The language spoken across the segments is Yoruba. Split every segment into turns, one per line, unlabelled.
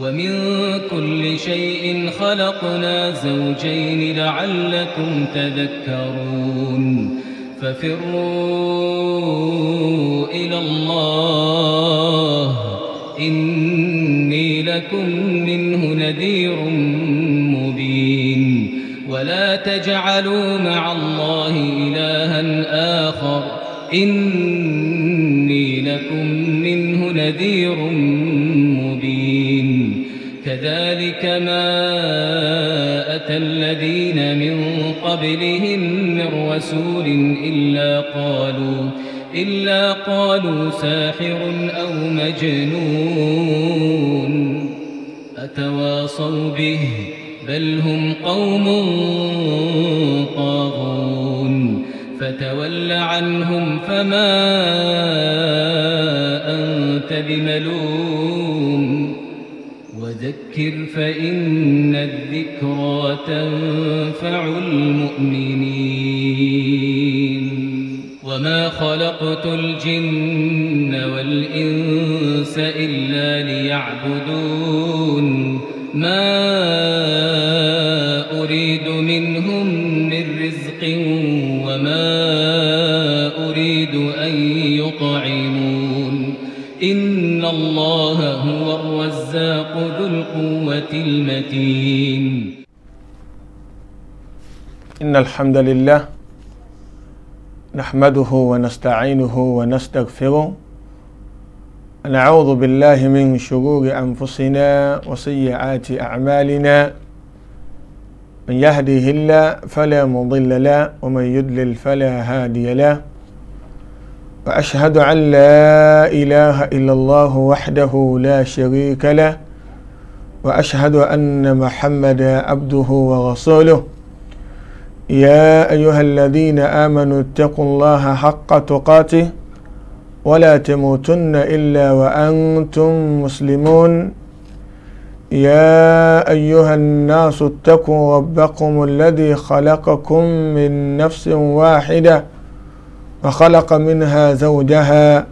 ومن كل شيء خلقنا زوجين لعلكم تذكرون ففروا إلى الله إني لكم منه نذير مبين ولا تجعلوا مع الله إلها آخر إني لكم منه نذير مبين كذلك ما أتى الذين من قبلهم من رسول إلا قالوا إلا قالوا ساحر أو مجنون أتواصوا به بل هم قوم طاغون فتول عنهم فما أنت بملوم وذكر فإن الذكرى تنفع المؤمنين وما خلقت الجن والإنس إلا ليعبدون ما
ذو القوة المتين إن الحمد لله نحمده ونستعينه ونستغفره نعوذ بالله من شرور أنفسنا وسيئات أعمالنا من يهده الله فلا مضل له ومن يدلل فلا هادي له وأشهد أن لا إله إلا الله وحده لا شريك له واشهد ان محمدا عبده ورسوله يا ايها الذين امنوا اتقوا الله حق تقاته ولا تموتن الا وانتم مسلمون يا ايها الناس اتقوا ربكم الذي خلقكم من نفس واحده وخلق منها زوجها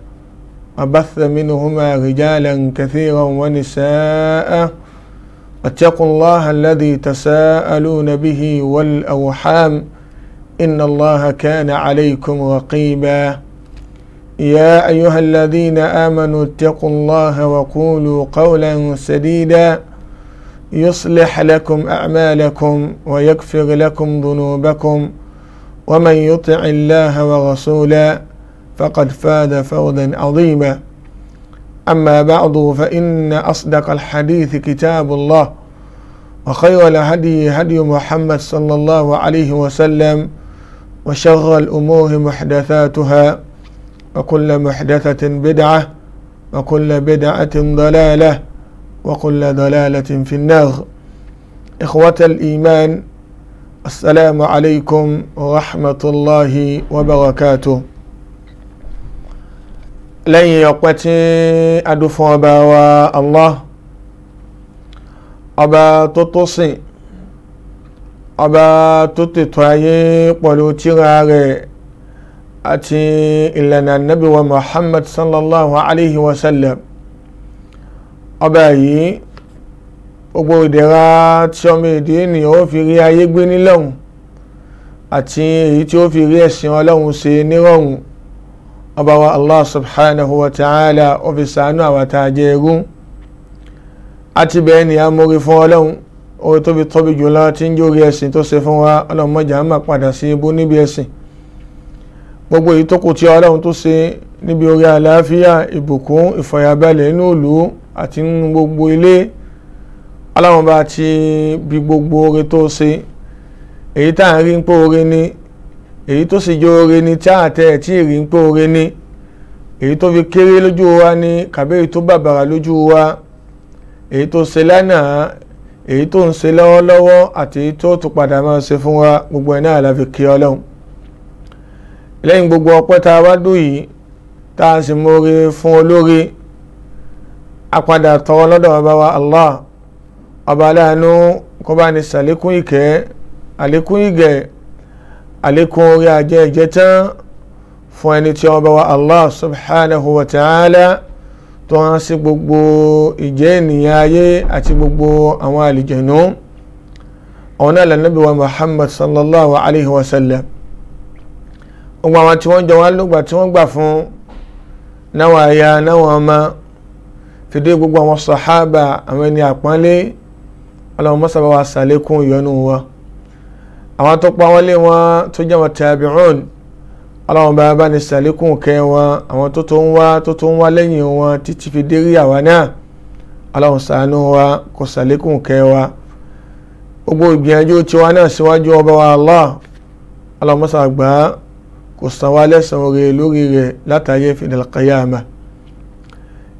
وبث منهما رجالا كثيرا ونساء واتقوا الله الذي تساءلون به والأوحام إن الله كان عليكم رقيبا يا أيها الذين آمنوا اتقوا الله وقولوا قولا سديدا يصلح لكم أعمالكم ويكفر لكم ذنوبكم ومن يطع الله ورسوله فقد فاز فوزا عظيما أما بعد فإن أصدق الحديث كتاب الله وخير الهدي هدي محمد صلى الله عليه وسلم وشر الأمور محدثاتها وكل محدثة بدعة وكل بدعة ضلالة وكل ضلالة في النار إخوة الإيمان السلام عليكم ورحمة الله وبركاته lẹ́yìn ọpẹ́ tí a dún fún ọba wa Allah ọba tó tó sìn ọba tó tètò ayé pẹ̀lú tírà rẹ̀ àti ìlànà nabi wa Muhammad sallallahu alayhi wa sallam ọba yìí gbogbo ìdẹ̀ra tí ọmọ èdè ènìyàn ó fi rí ayé gbé nílọ́hùn àti èyí tí ó fi rí ẹ̀sìn ọlọ́hun ṣe nírọ̀hùn ọba wa allah subhanahu wa ta'ala ó fi ṣàánú àwa tá a jẹ́ ẹrú àti bẹ́ẹ̀ ni a mórí fún ọlọ́run orí tó fi tóbi jùlọ tí ń jórí ẹ̀sìn tó ṣe fún wa ọlọ́run mọ́jà má padà sí ibú níbi ẹ̀sìn gbogbo èyí tó kù tí ọlọ́run tó ṣe níbi orí àlàáfíà ìbùkún ìfọ̀yàbalẹ̀ inú ìlú àti nínú gbogbo ilé ọlọ́run bá ti bí gbogbo orí tó ṣe èyí tá à ń rí pé orí ni èyí tó sì jẹ́ oore ni tí àtẹ ẹ̀ tí èrì ń pé oore ni èyí tó fi kéré lójú wa ni kàbéyìí tó bàbàrà lójú wa èyí tó ṣe lánàá èyí tó ń ṣe lọ́wọ́lọ́wọ́ àti èyí tó tún padà máa ṣe fún wa gbogbo ẹ̀ náà la fi kí ọlọ́run lẹ́yìn gbogbo ọpẹ́ tá a wá dùn yìí tá a sì mórè fún olóore apadà tọwọ́ lọ́dọ̀ ọba wa Allah ọba aláàánú kó bá sàlékún ìkẹ́ àlékún ìgẹ̀ àlékún orí ajé ẹ̀jẹ̀ tán fún ẹni tí ọba wa Allah subhanahu wa ta'ala tó hàn sí gbogbo ìjẹ́ ènìyàn ayé àti gbogbo àwọn àlìjẹ̀nú ọ̀nà àlànàbí wa Muhammad sallallahu alayhi wa sallam gbogbo àwọn tí wọ́n jọ wá lógbà tí wọ́n gbà fún náwọn aya náwọn ọmọ fìdí gbogbo àwọn sàhábà àwọn ẹni àpọ́nlé ọlọ́run mọ́sàbáwá sàlékún ìyọnu wọn àwọn tó pa wọ́n lé wọn tó jẹ́ wọn tabi'un aláwọn bá bá ní sàlékún kẹ́ wọn àwọn tó tó ń wá tó tó ń wá lẹ́yìn wọn títí fi dérí àwa náà aláwọn ṣàánú wa kò sàlékún kẹ́ wa gbogbo ìgbìyànjú tiwa náà síwájú ọba wa Allah aláwọn mọ́sá gbà á kò san wá lẹ́sàn-án rẹ̀ lórí rẹ̀ látàyè fìdíl qiyamah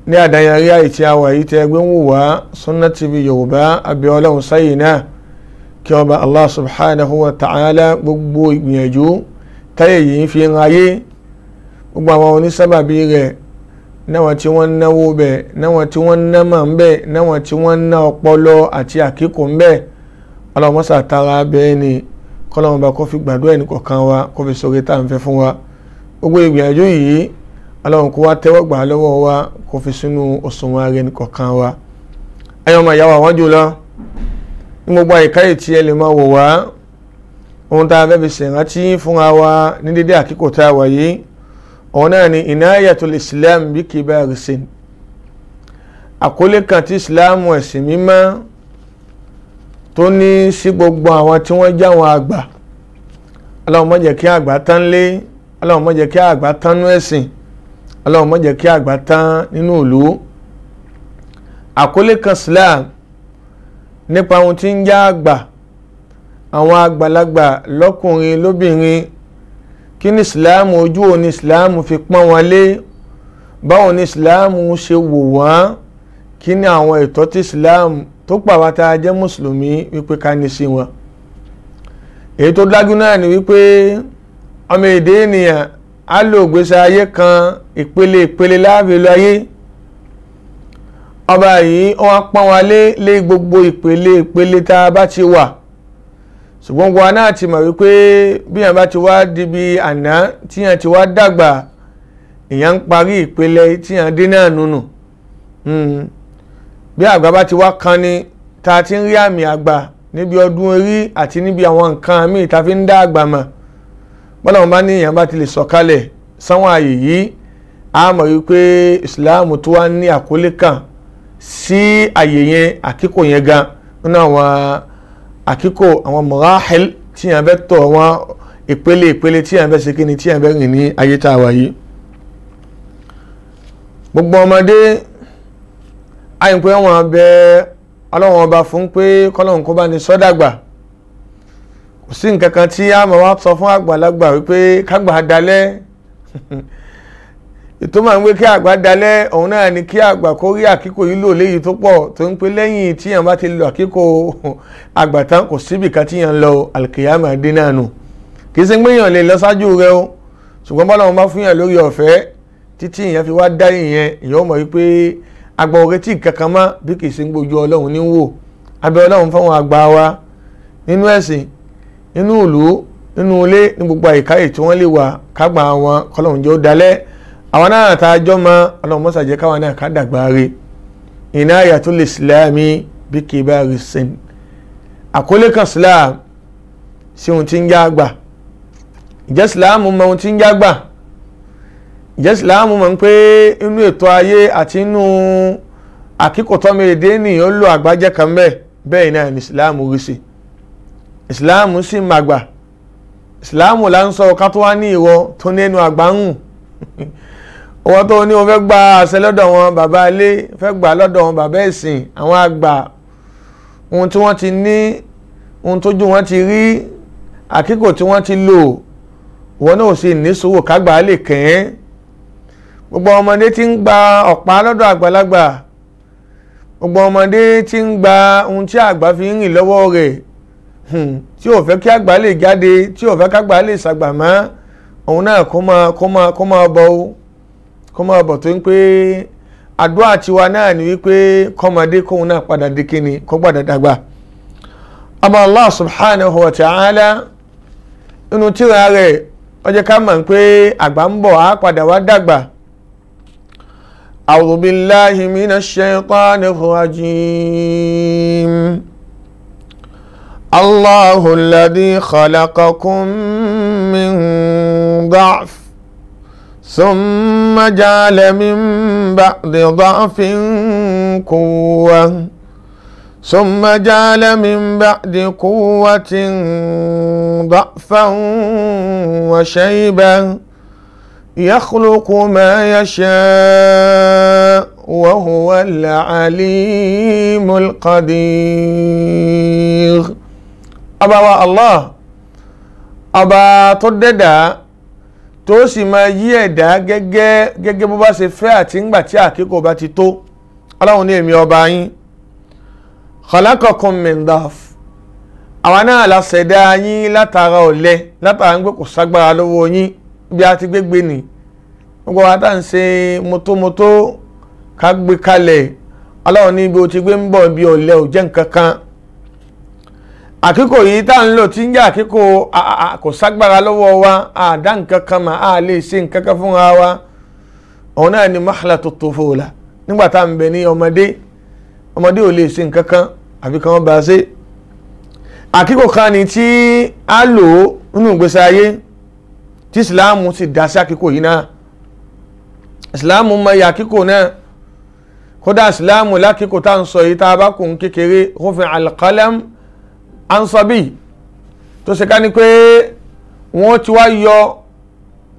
ní àdáyẹrí àìtí àwà yìí tẹ́ gbé ń wù wá Sunna TV Yorùbá abẹ́ ọlọ́run náà kí ọba allah subhanahu wa ta'ala gbogbo ìgbìyànjú táyé yìí fi ń ayé gbogbo àwọn onísábàbí rẹ̀ náwọn tí wọ́n ń náwó bẹ̀ náwọn tí wọ́n ń ná màá ń bẹ̀ náwọn tí wọ́n ń ná ọpọlọ àti àkíkò ń bẹ̀ ọlọ́mọ́sà tara bẹ́ẹ̀ ni kọ́lọ́mọ́ bá kó fi gbàdúrà ẹnì kọ̀ọ̀kan wa kó fi sọ̀rọ̀ tá à ń fẹ́ fún wa gbogbo ìgbìyànjú yìí ọlọ́run kó wá tẹ́wọ́ gbà lọ́wọ́ wa kó fi sínú òṣùwọ̀n ara ẹnì kọ̀ọ̀kan wa ẹ̀yọ́ ọmọ ìyá wa wọ́n jù lọ gbogbo àyíká ètí ẹ lè máa wò wá ohun tá a fẹ́ fi ṣèrántí fúnra wa ní dédé àkíkò tá a wà yìí òun náà ni inayatul islam bí kibari sin àkólé kan tí islam ẹ̀sìn mímọ́ tó ní sí gbogbo àwọn tí wọ́n jáwọn àgbà Ọlọ́run má jẹ́ kí àgbà tán lé Ọlọ́run má jẹ́ kí àgbà tán nú ẹ̀sìn Ọlọ́run má kí àgbà tán nínú ìlú àkólé kan islam nípa ohun tí ń já àgbà àwọn àgbàlagbà lọ́kùnrin lóbìnrin kí ni ìsìláàmù ojú wo ni ìsìláàmù fi pọ́n wọn lé báwo ni ìsìláàmù ṣe wò wọ́n kí ni àwọn ẹ̀tọ́ tí ìsìláàmù tó pàwá tá a jẹ́ mùsùlùmí wípé ká ní sí wọn èyí tó dájú náà ni wípé ọmọ èdè ènìyàn á lò gbèsè ayé kan ìpele ìpele láàbẹ̀lú ayé ọba yìí ó wá pọ́n wa lé lé gbogbo ìpele ìpele tá a bá ti wà ṣùgbọ́n wa náà ti mọ̀ wípé bí yàn bá ti wá dibi àná tí yàn ti wá dàgbà ìyàn ń parí ìpele tí yàn dé náà nùnù hmm. bí àgbà bá ti wá kan ni tá a ti ń rí àmì àgbà níbi ọdún orí àti níbi àwọn nǹkan míì tá fi ń dá àgbà mọ̀ bọ́lá wọn bá ní ìyàn bá ti lè sọ̀kalẹ̀ sáwọn àyè yìí a mọ̀ wípé ìsìláàmù tó wá ní àkólé kan sí àyè yẹn àkíkò yẹn gan nínú àwọn àkíkò àwọn mọ̀ráhẹ́l tí yẹn fẹ́ tọ̀ wọn ìpele ìpele tí yẹn fẹ́ ṣe kíni tí yẹn fẹ́ rìn ní ayé tá a wà yìí gbogbo ọmọdé àyìnpé wọn bẹ ọlọ́wọ́n ọba fún pé kọ́lọ́hún kó bá ní sọ́dàgbà kò sí nǹkan kan tí a máa wá sọ fún àgbàlagbà wípé kágbà dalẹ́ ìtò máa ń wé kí àgbà dalẹ̀ òun náà ni kí àgbà kó rí àkíkò yìí lò léyìí tó pọ̀ tó ń lẹ́yìn bá ti lo àkíkò àgbà tán kò síbì kan tíyàn ń lọ alkiyama dé náà nù kì í ṣe gbéyàn lè lọ ṣáájú rẹ o ṣùgbọ́n bọ́lá wọn bá fún yàn lórí ọ̀fẹ́ títí fi wá dá ìyẹn mọ̀ wípé àgbà ò retí kankan mọ́ bí kì í wa àwọn náà tá a jọ́ mọ ọlọ́mọ́sà jẹ́ káwọn náà ká dàgbà re iná yàtọ̀ lè sílámì bí kì í bá rí sin àkólé kan sílám sí ohun tí ń já gbà ìjẹ́ sílámù mọ ohun tí ń já gbà ìjẹ́ sílámù mọ̀ pé inú ètò ayé àti inú àkíkọ̀tọ́mi èdè lò àgbájẹ́ kan bẹ́ẹ̀ bẹ́ẹ̀ náà ni sílámù rí sí ìsìláàmù sì màgbà ìsìláàmù là ń sọ ká tó wá ní ìwọ tó ní ẹnu àgbáhùn wọ́n tó ní wọ́n fẹ́ gba àṣẹ lọ́dọ̀ wọn bàbá ilé fẹ́ gbà lọ́dọ̀ wọn bàbá ẹ̀sìn àwọn àgbà ohun tí wọ́n ti ní ohun tójú wọn ti rí àkíkò tí wọ́n ti lò wọ́n náà sì ní sòwò kágbà lè kẹ́ẹ́ gbogbo ọmọdé ti ń gba ọ̀pá lọ́dọ̀ àgbàlagbà gbogbo ọmọdé ti ń gba ohun tí àgbà fi ń rìn lọ́wọ́ rẹ̀ hmm, tí ò fẹ́ kí àgbà lè jáde tí ò fẹ́ kágbà lè ṣàgbà mọ́ òun náà kó máa kó máa kó máa bọ̀ ọ́ kó máa bọ̀ tó ń pé àdúrà tiwa náà ni wípé kọ́mọdé kóun náà padà di kíni kó padà dàgbà àmọ́ Allah subhanahu wa ta'ala inú tíra rẹ̀ ó ká mọ̀ pé àgbà ń bọ̀ á padà wá dàgbà. أعوذ بالله من الشيطان الرجيم الله الذي خلقكم من ضعف ثم جعل من بعد ضعف قوة ثم جعل من بعد قوة ضعفا وشيبا يخلق ما يشاء وهو العليم القدير أبا الله أبا تددا tó sì máa yí ẹ̀dá gẹ́gẹ́ gẹ́gẹ́ bó bá ṣe fẹ́ àti ńgbà tí àkókò bá ti tó ọlọ́run ní èmi ọba yín khalaqakum min àwa náà la ṣẹ̀dá yín látara ọ̀lẹ látara ń gbé kò ságbára lọ́wọ́ yín bí a ti gbégbé nì gbogbo wa tá à ń ṣe mọ́tòmọ́tò ká gbé kalẹ̀ ọlọ́run ní ibi ó ti gbé ń bọ̀ bí ọ̀lẹ ò jẹ́ nǹkan kan àkíkò yìí tá ń lò tí ń jẹ́ àkíkò kò ságbára lọ́wọ́ wa àdá nǹkan kan mà á lè ṣe nǹkan kan fúnra wa òun náà ni mahala tó tó fòlà nígbà tá à bẹ ní ọmọdé ọmọdé ò lè ṣe nǹkan kan àfi kan bá a ṣe àkíkò kan ni tí a lò nínú ìgbésí ayé tí ìsìláàmù sì dá sí àkíkò yìí náà ìsìláàmù mọ iye àkíkò náà kódà ìsìláàmù lákìkò tá à ń sọ yìí tá a bá kùn kékeré rúfin alqalam ansabi tó ṣe ká ní pé wọ́n ti wá yọ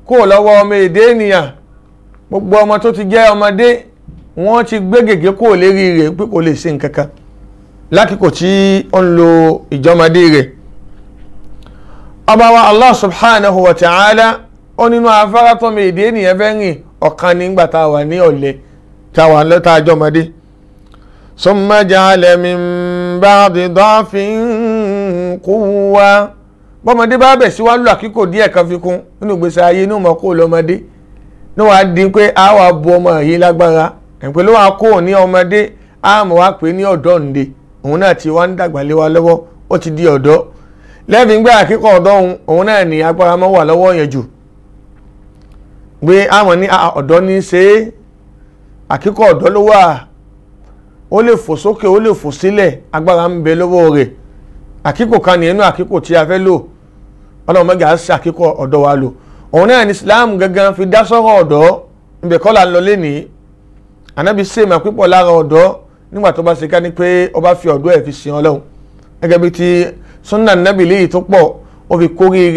kó lọ́wọ́ ọmọ èdè ènìyàn gbogbo ọmọ tó ti jẹ́ ọmọdé wọ́n ti gbé gègé kó lérí rẹ̀ pé kò lè ṣe nǹkan kan lákìkò tí ó ń lo ìjọmọdé rẹ̀ ọba wa allah subhanahu wa ta'ala ó nínú afárá tọ́mọ èdè ènìyàn fẹ́ rìn ọ̀kan nígbà tá a wà ní ọ̀lẹ tá a wà lọ́ta àjọmọdé. ثم جعل من بعد ضعف قوة bọ́mọdé bá bẹ̀ síwá lù àkíkò díẹ̀ kan fi kún nínú ìgbésí ayé inú ọmọ kó lọ́mọdé ní wàá di pé a wàá bu ọmọ yìí lágbára ẹ̀pẹ́ ló wàá kó ní ọmọdé a mọ̀ wá pé ní ọ̀dọ́ ǹde òun náà ti wá ń dàgbà lé wa lọ́wọ́ ó ti di ọ̀dọ́ lẹ́bìn gbé àkíkò ọ̀dọ́ òun náà ní agbára mọ́ wà lọ́wọ́ yẹn jù pé a mọ̀ ní ọ̀dọ́ ní í ṣe é àkíkò ọ̀dọ́ ló wà ó lè fò sókè ó le fò sílẹ̀ agbára ń bẹ lọ́wọ́ rẹ̀ àkíkò kan ní inú àkíkò tí a fẹ́ lò ọlọ́run mẹ́gà ṣe àkíkò ọ̀dọ́ wa lò òun náà ní Islam gangan fi dá sọ́rọ̀ ọ̀dọ́ ibẹ̀ kọ́ la ń lọ lénìí ànábi sèmà pípọ̀ lára ọ̀dọ́ nígbà tó bá ṣe ká ní pé ọba fi ọ̀dọ́ ẹ̀ fi sìn ọlọ́run gẹ́gẹ́ bí ti sunna nabi léyìí tó pọ̀ ó fi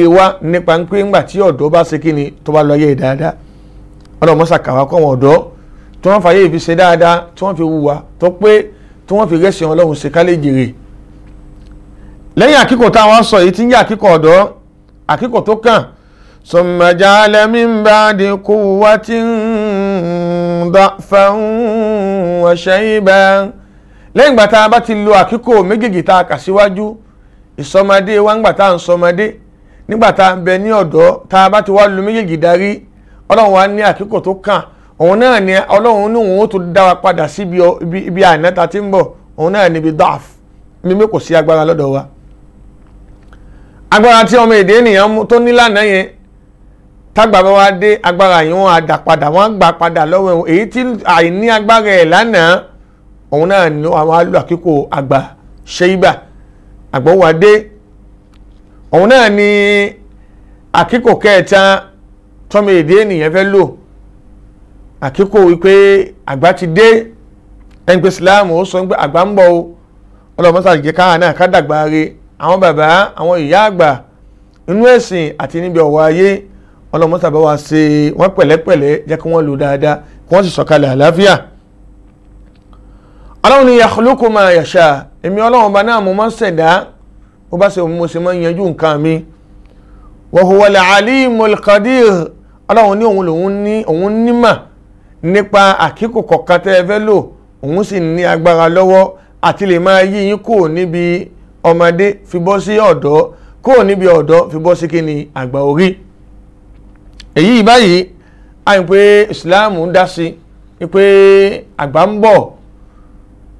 wá nípa ń pé ńgbà tí ọ̀dọ́ tí wọ́n fàyè ìfi ṣe dáadáa tí wọ́n fi wùwà tó pé tí wọ́n fi rẹ́sì ọlọ́run ṣe ká lè jèrè lẹ́yìn àkíkọ̀ táwọn sọ yìí ti ń yá àkíkọ̀ ọ̀dọ́ àkíkọ̀ tó kàn sọmọjà lẹ́mí ń bá di wá tí ń dá fẹ́hún ọ̀ṣẹ́ ibẹ̀ lẹ́yìn ìgbà tá a bá ti lo àkíkọ̀ méjèèjì tá a kà síwájú ìsọmọdé wa ń gbà tá à ń sọmọdé nígbà tá a bẹ ní ọ̀dọ́ tá a bá ti wá lu méjèèjì darí ọlọ́run wa ní àkíkọ̀ tó kàn òun náà ni ọlọ́run ní òun ó tún dá wa padà síbi ibi àìnáta tí ń bọ̀ òun náà níbi daf mímí kò sí agbára lọ́dọ̀ wa agbára tí ọmọ èdè ènìyàn tó ní lánàá yẹn wa dé agbára yìí wọn àdà padà wọn gbà padà lọ́wọ́ ẹ̀wọ̀n èyí tí àìní agbára ẹ̀ lánàá òun náà ni àwọn alò àkíkò àgbà ṣẹ́yìbà àgbọ̀wádé òun náà ni àkíkò àkíkò wípé àgbà ti dé ẹni pé Islam ó sọ pé àgbà ń bọ̀ o ọlọ́mọ́sá jẹ́ káà náà ká dàgbà re àwọn bàbá àwọn ìyá àgbà inú ẹ̀sìn àti níbi ọ̀wọ̀ ayé ọlọ́mọ́sá bá wa ṣe wọ́n pẹ̀lẹ́pẹ̀lẹ́ jẹ́ kí wọ́n lò dáadáa kí wọ́n sì sọ̀kalẹ̀ àlàáfíà ọlọ́run ni yakhluqu ma yasha èmi ọlọ́run bá náà mo máa ń ṣẹ̀dá bó bá ṣe mo ṣe máa ń yanjú nǹkan mi wa huwa al ọlọ́run ní òun lòun ní òun nímà nípa àkíkò kọ̀ọ̀kan tẹ́ ẹ fẹ́ lò òun sì ní agbára lọ́wọ́ àti lè máa yí yín kúrò níbi ọmọdé fi bọ́ sí ọ̀dọ́ kúrò níbi ọ̀dọ́ fi bọ́ sí kí ni àgbà orí èyí báyìí àyìn pé Islam ń dá sí i pé àgbà ń bọ̀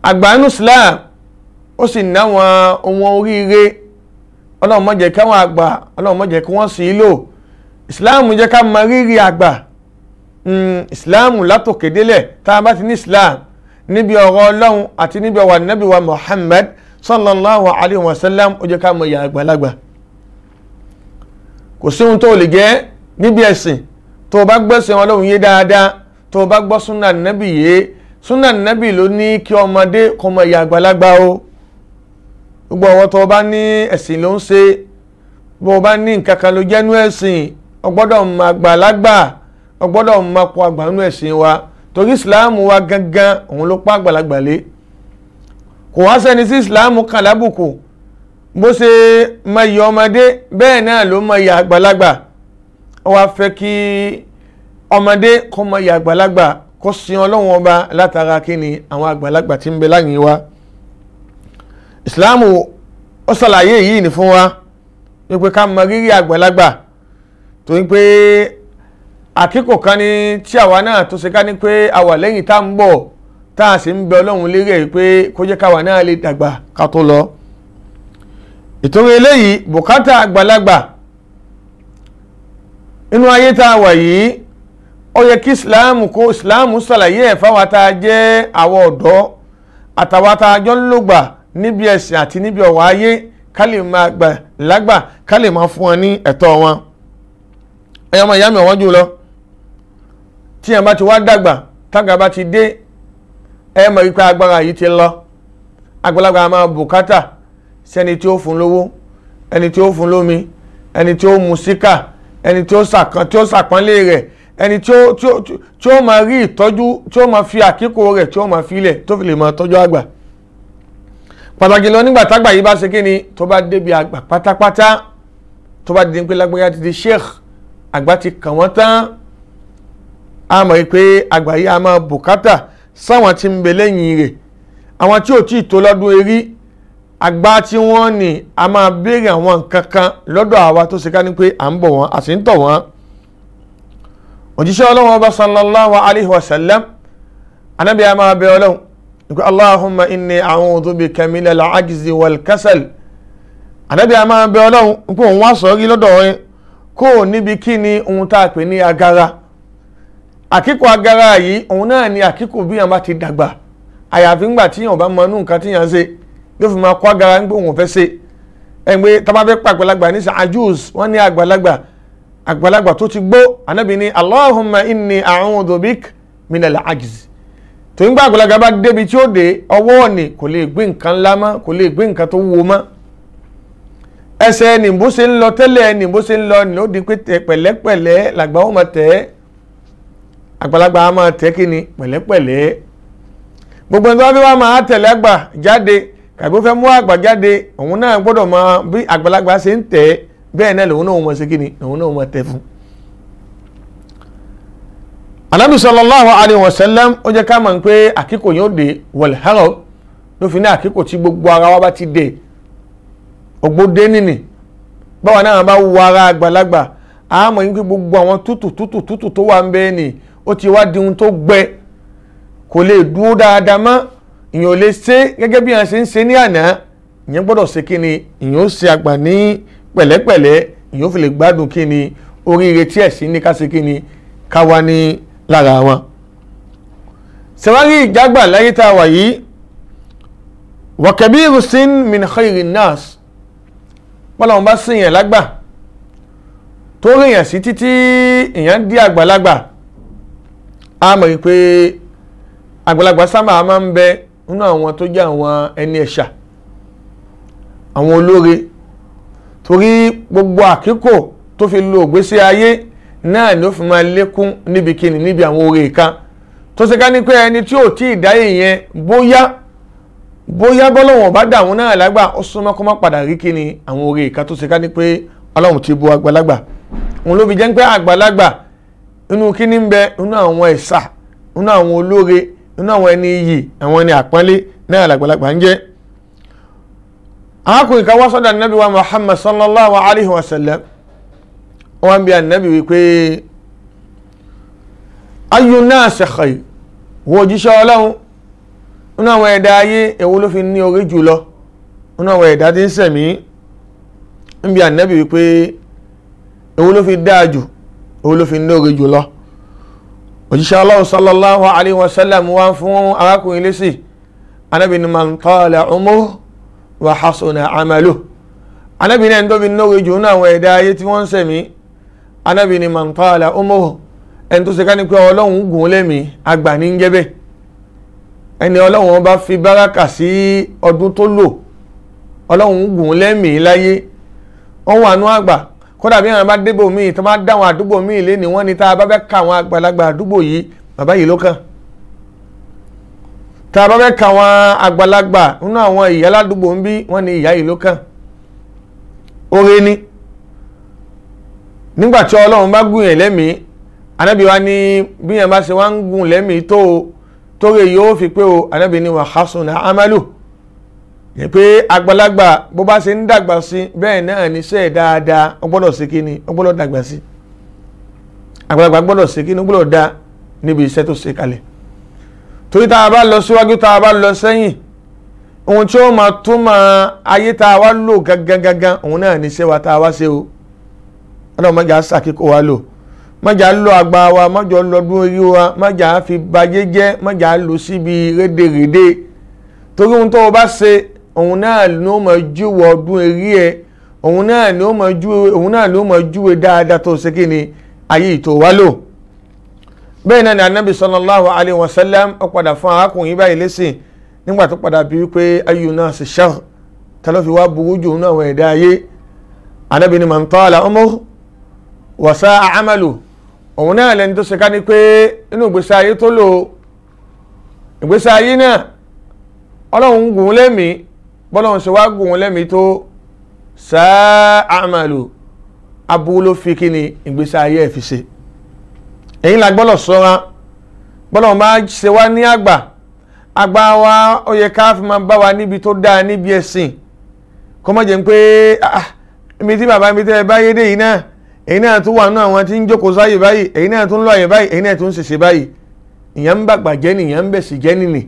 àgbà nínú Islam ó sì náwọn ohun oríire ọlọ́run má jẹ́ káwọn àgbà ọlọ́run má jẹ́ kí wọ́n sì í lò Islam jẹ́ ká mọ rírì àgbà ìsìláàmù mm, látòkèdélẹ̀ tá a bá ti ní ìsìláàm níbi ọ̀rọ̀ ọlọ́run àti níbi ọ̀wà nàbí wa Muhammad sallallahu alayhi wa sallam ó jẹ́ ká mọ ìyá àgbàlagbà kò sí ohun tó lè jẹ́ níbi ẹ̀sìn tó o bá gbẹ́sìn ọlọ́run yé dáadáa tó o bá gbọ́ súnà nàbí yé súnà nàbí ló ní kí ọmọdé kó mọ ìyá àgbàlagbà o gbogbo ọwọ́ tó bá ní ẹ̀sìn ló ń ṣe bó bá ní nǹkan kan ló jẹ́nu ẹ̀sìn o mọ àgbàlagbà ọgbọ́dọ̀ mọ̀pọ̀ àgbà nínú ẹ̀sìn wa torí ìsìláàmù wa gangan òun ló pa àgbàlagbà lé kò wá sẹ́ni sí ìsìláàmù kan lábùkù bó ṣe mọyì ọmọdé bẹ́ẹ̀ náà ló mọyì àgbàlagbà ó wá fẹ́ kí ọmọdé kó mọyì àgbàlagbà kó sin ọlọ́run ọba látara kí ni àwọn àgbàlagbà ti ń bẹ láyìn wa ìsìláàmù ó ṣàlàyé yìí ní fún wa wípé ká mọ rírì àgbàlagbà torí pé àkíkò kan ní tí àwa náà tó ṣe ká ní pé àwa lẹ́yìn tá ń bọ̀ tá a sì ń bẹ ọlọ́run lérè pé kó jẹ́ káwa náà lè dàgbà ká tó lọ ìtorí eléyìí bùkátà àgbàlagbà inú ayé tá a wà yìí ó yẹ kí islam kó islam ṣàlàyé ẹ̀ fáwa tá a jẹ́ àwọn ọ̀dọ́ àtàwa tá a jọ ń lògbà níbi ẹ̀sìn àti níbi ayé ká lè máa tí ẹ̀ bá ti wá dàgbà tága bá ti dé ẹ mọ̀ wípé agbára yìí ti lọ àgbàlagbà máa bùkátà sẹ́ni tí ó fún lówó ẹni tí ó fún lómi ẹni tí ó mu síkà ẹni tí ó ṣàpọ́nlé rẹ̀ ẹni tí ó máa rí ìtọ́jú tí ó máa fi àkíkò rẹ̀ tí ó máa filẹ̀ tó fi lè máa tọ́jú àgbà pàtàkì lọ nígbà tágbà yìí bá ṣe kí ni tó bá débi àgbà pátápátá tó bá di pé lágbára ti di sheikh àgbà ti kàn wọ́n tán a mọ̀ agbari àgbáyé a máa bùkátà sáwọn tí ń bẹ lẹ́yìn rẹ̀ àwọn tí ò tí ì tó lọ́dún erí tí wọ́n ní a máa béèrè àwọn nǹkan kan lọ́dọ̀ àwa tó ṣe ká ní pé à ń bọ̀ wọ́n à sì ń tọ̀ wọ́n. òjíṣẹ́ ọlọ́run ọba sallallahu alayhi wa sallam anábì a máa bẹ ọlọ́run nípa allahumma inni a máa bẹ ọlọ́run nípa òun wá lọ́dọ̀ kó o níbi kí ni ohun agara. àkíkò agara yìí òun náà ni àkíkò bí yàn bá ti dàgbà àyàfi ńgbà tí yàn bá mọ inú nǹkan tí yàn ṣe yóò fi máa kó agara ńgbò wọn fẹ́ ṣe ẹgbẹ́ tábà fẹ́ pa àgbàlagbà ní sàájúùs wọ́n ní àgbàlagbà àgbàlagbà tó ti gbó anábì ní Allahumma inni a'udhu bik minal ajiz tòun gbà àgbàlagbà bá débi tí ó dé ọwọ́ òní kò lè gbé nǹkan ńlá mọ́ kò lè gbé nǹkan tó wúwo mọ́ ẹsẹ̀ ẹnì bó ṣe ń lọ tẹ́lẹ̀ ẹnì bó ṣe ń lọ ní ó di pẹ̀lẹ́pẹ̀lẹ́ làgbà ó máa tẹ̀ ẹ́ àgbàlagbà á máa tẹ́ kí ni pẹ̀lẹ́pẹ̀lẹ́ gbogbo ẹni tó bá fẹ́ wá máa tẹ̀lé àgbà jáde kàbí ó fẹ́ mú àgbà jáde òun náà gbọ́dọ̀ mọ bí àgbàlagbà ṣe ń tẹ̀ bẹ́ẹ̀ náà lòun náà mọ̀ sí kí ni lòun náà mọ̀ tẹ̀ fún. Ànábì sallallahu alayhi wa sallam ó jẹ́ ká mọ̀ pé àkíkò yóò dé wẹ̀lẹ́rọ̀ ló fi ní àkíkò tí gbogbo ara wa bá ti dé ògbó dé nìní báwa náà bá wọ ara àgbàlagbà àmọ́ yín pé gbogbo àwọn tútù tútù tútù tó wà ń bẹ́ẹ̀ nìyí ó ti wá di ohun tó gbẹ kò lè dúró dáadáa mọ́ ìyẹn ò lè ṣe gẹ́gẹ́ bí wọn ṣe ń ṣe ní àná ìyẹn gbọ́dọ̀ ṣe kí ni ìyẹn ó ṣe àgbà ní pẹ̀lẹ́pẹ̀lẹ́ ìyẹn ó fi lè gbádùn kí ni oríire tí ẹ̀sìn ní ká ṣe kí ni ká wá ní lára wọn. sẹ́wárí ìjágbà láyé tá a wà yìí wọ̀kẹ́bí rusin min khayri nas wọ́n làwọn bá sìn yẹn lágbà tó rí yẹn sí títí ìyẹn di àgbàlagbà a mọ̀ wípé àgbàlagbà sábà máa ń bẹ nínú àwọn tó jẹ́ àwọn ẹni ẹ̀ṣà àwọn olóore torí gbogbo àkíkò tó fi lo ògbésí ayé náà ni ó fi máa lékún níbi kíni níbi àwọn oore kan tó ṣe ká ní pé ẹni tí ò tí ì dáyé yẹn bóyá bóyá bọ́lọ́wọ̀n bá dààmú náà lágbà ó súnmọ́ kó má padà rí kíni àwọn oore kan tó ṣe ká ní pé ọlọ́run ti bu àgbàlagbà òun ló fi jẹ́ pé àgbàlagbà inú kíní ń bẹ inú àwọn ẹ̀sà inú àwọn olóore inú àwọn ẹni iyì àwọn ẹni àpọ́nlé náà làgbàlagbà ń jẹ́ arákùnrin kan wá sọ́dọ̀ anabi wa muhammad sallallahu alayhi wa sallam wọ́n bi anabi wípé ayu nasi khayr wo òjíṣẹ́ ọlọ́run inú àwọn ẹ̀dá ayé èwo ló fi ní orí jùlọ inú àwọn ẹ̀dá tí ń sẹ̀mí ń bi anabi wípé èwo ló fi dáa jù òun ló fi ń lóore jùlọ òjíṣẹ́ Allah sallallahu alayhi wa sallam wá fún arákùnrin lẹ́sìn anábì ni man tala umruhu wa hasuna amaluhu anábì náà tó fi ń lóore jù náà àwọn ẹ̀dá ayé tí wọ́n ń sẹ̀mí anábì ni man tala umruhu ẹni tó ṣe ká ní pé ọlọ́run gùn lẹ́mí àgbà ní ń ẹni ọlọ́run bá fi báràkà sí ọdún tó lò ọlọ́run gùn lẹ́mí láyé wọ́n wà àgbà kódà bí wọn bá débò míì tó bá dáwọn àdúgbò míì lé ní wọn ni tá a bá fẹ́ ka àwọn àgbàlagbà àdúgbò yìí bàbá yìí ló kàn tá a bá fẹ́ ka àwọn àgbàlagbà nínú àwọn ìyá ládùúgbò ń bí wọn ni ìyá yìí ló kàn oore ni nígbà tí ọlọ́run bá gùn yẹn lẹ́mìí anábì wa ní bí yẹn bá ṣe wá ń gùn lẹ́mìí tó o tóore yóò fi pé o anábì ni wàhásùn ní amalu yẹn pé àgbàlagbà bó bá ṣe ń dàgbà sí bẹ́ẹ̀ náà níṣẹ́ dáadáa ó gbọ́dọ̀ ṣe kí ni ó gbọ́dọ̀ dàgbà sí àgbàlagbà gbọ́dọ̀ da kí ni ó gbọ́dọ̀ dá níbi iṣẹ́ tó ṣe kalẹ̀ torí tá a bá lọ síwájú tá a bá lọ sẹ́yìn ohun tí ó máa tún máa ayé tá a wá gangan gangan òun náà ní sẹ́wà tá a wá ṣe o ọlọ́run má jà sàkíkó wa lò má jà lọ àgbà wa má jà lọ́dún orí wa má jà fi bayé jẹ́ má jà lò síbi rédèrèdè torí ohun tó o bá ṣe òun náà ni ó máa júwe ọdún eré ẹ òun náà ni ó máa júwe òun náà ni ó máa júwe dáadáa tó ṣe kí ni ayé ìtò wá lò bẹ́ẹ̀ náà ni anabi sallallahu alayhi wa sallam ó padà fún arákùnrin báyìí lẹ́sìn nígbà tó padà bí wípé ayò náà sì ṣá tálọ́ wá burú jù náà wọ̀ ẹ̀dá ayé anabi ni man tala umru wa sa'a amalu òun náà lẹni tó ṣe ká ní pé inú ìgbésí ayé tó lò ìgbésí ayé náà ọlọ́run gùn lẹ́mìí bọ́lọ́run ṣe wá gùn wọn lẹ́mìí tó sáà àmàlù aburú ló fi kí ni ìgbésí ayé ẹ̀ fi ṣe èyí la gbọ́dọ̀ sọ́ra gbọ́dọ̀ máa ṣe wá ní àgbà àgbà wa ó yẹ ká fi máa bá wa níbi tó dáa níbi ẹ̀sìn kó má jẹ́ pé èmi ah, ah, tí bàbá mi tẹ́ ẹ báyé dé yìí náà èyí náà tún wà nínú àwọn tí ń jókòó sáyè báyìí èyí náà tún lọ àyè báyìí èyí náà tún ṣèṣe báyìí ìyẹn ń bàgbà jẹ́ nìyẹn ń bẹ̀sì jẹ́ nìyẹn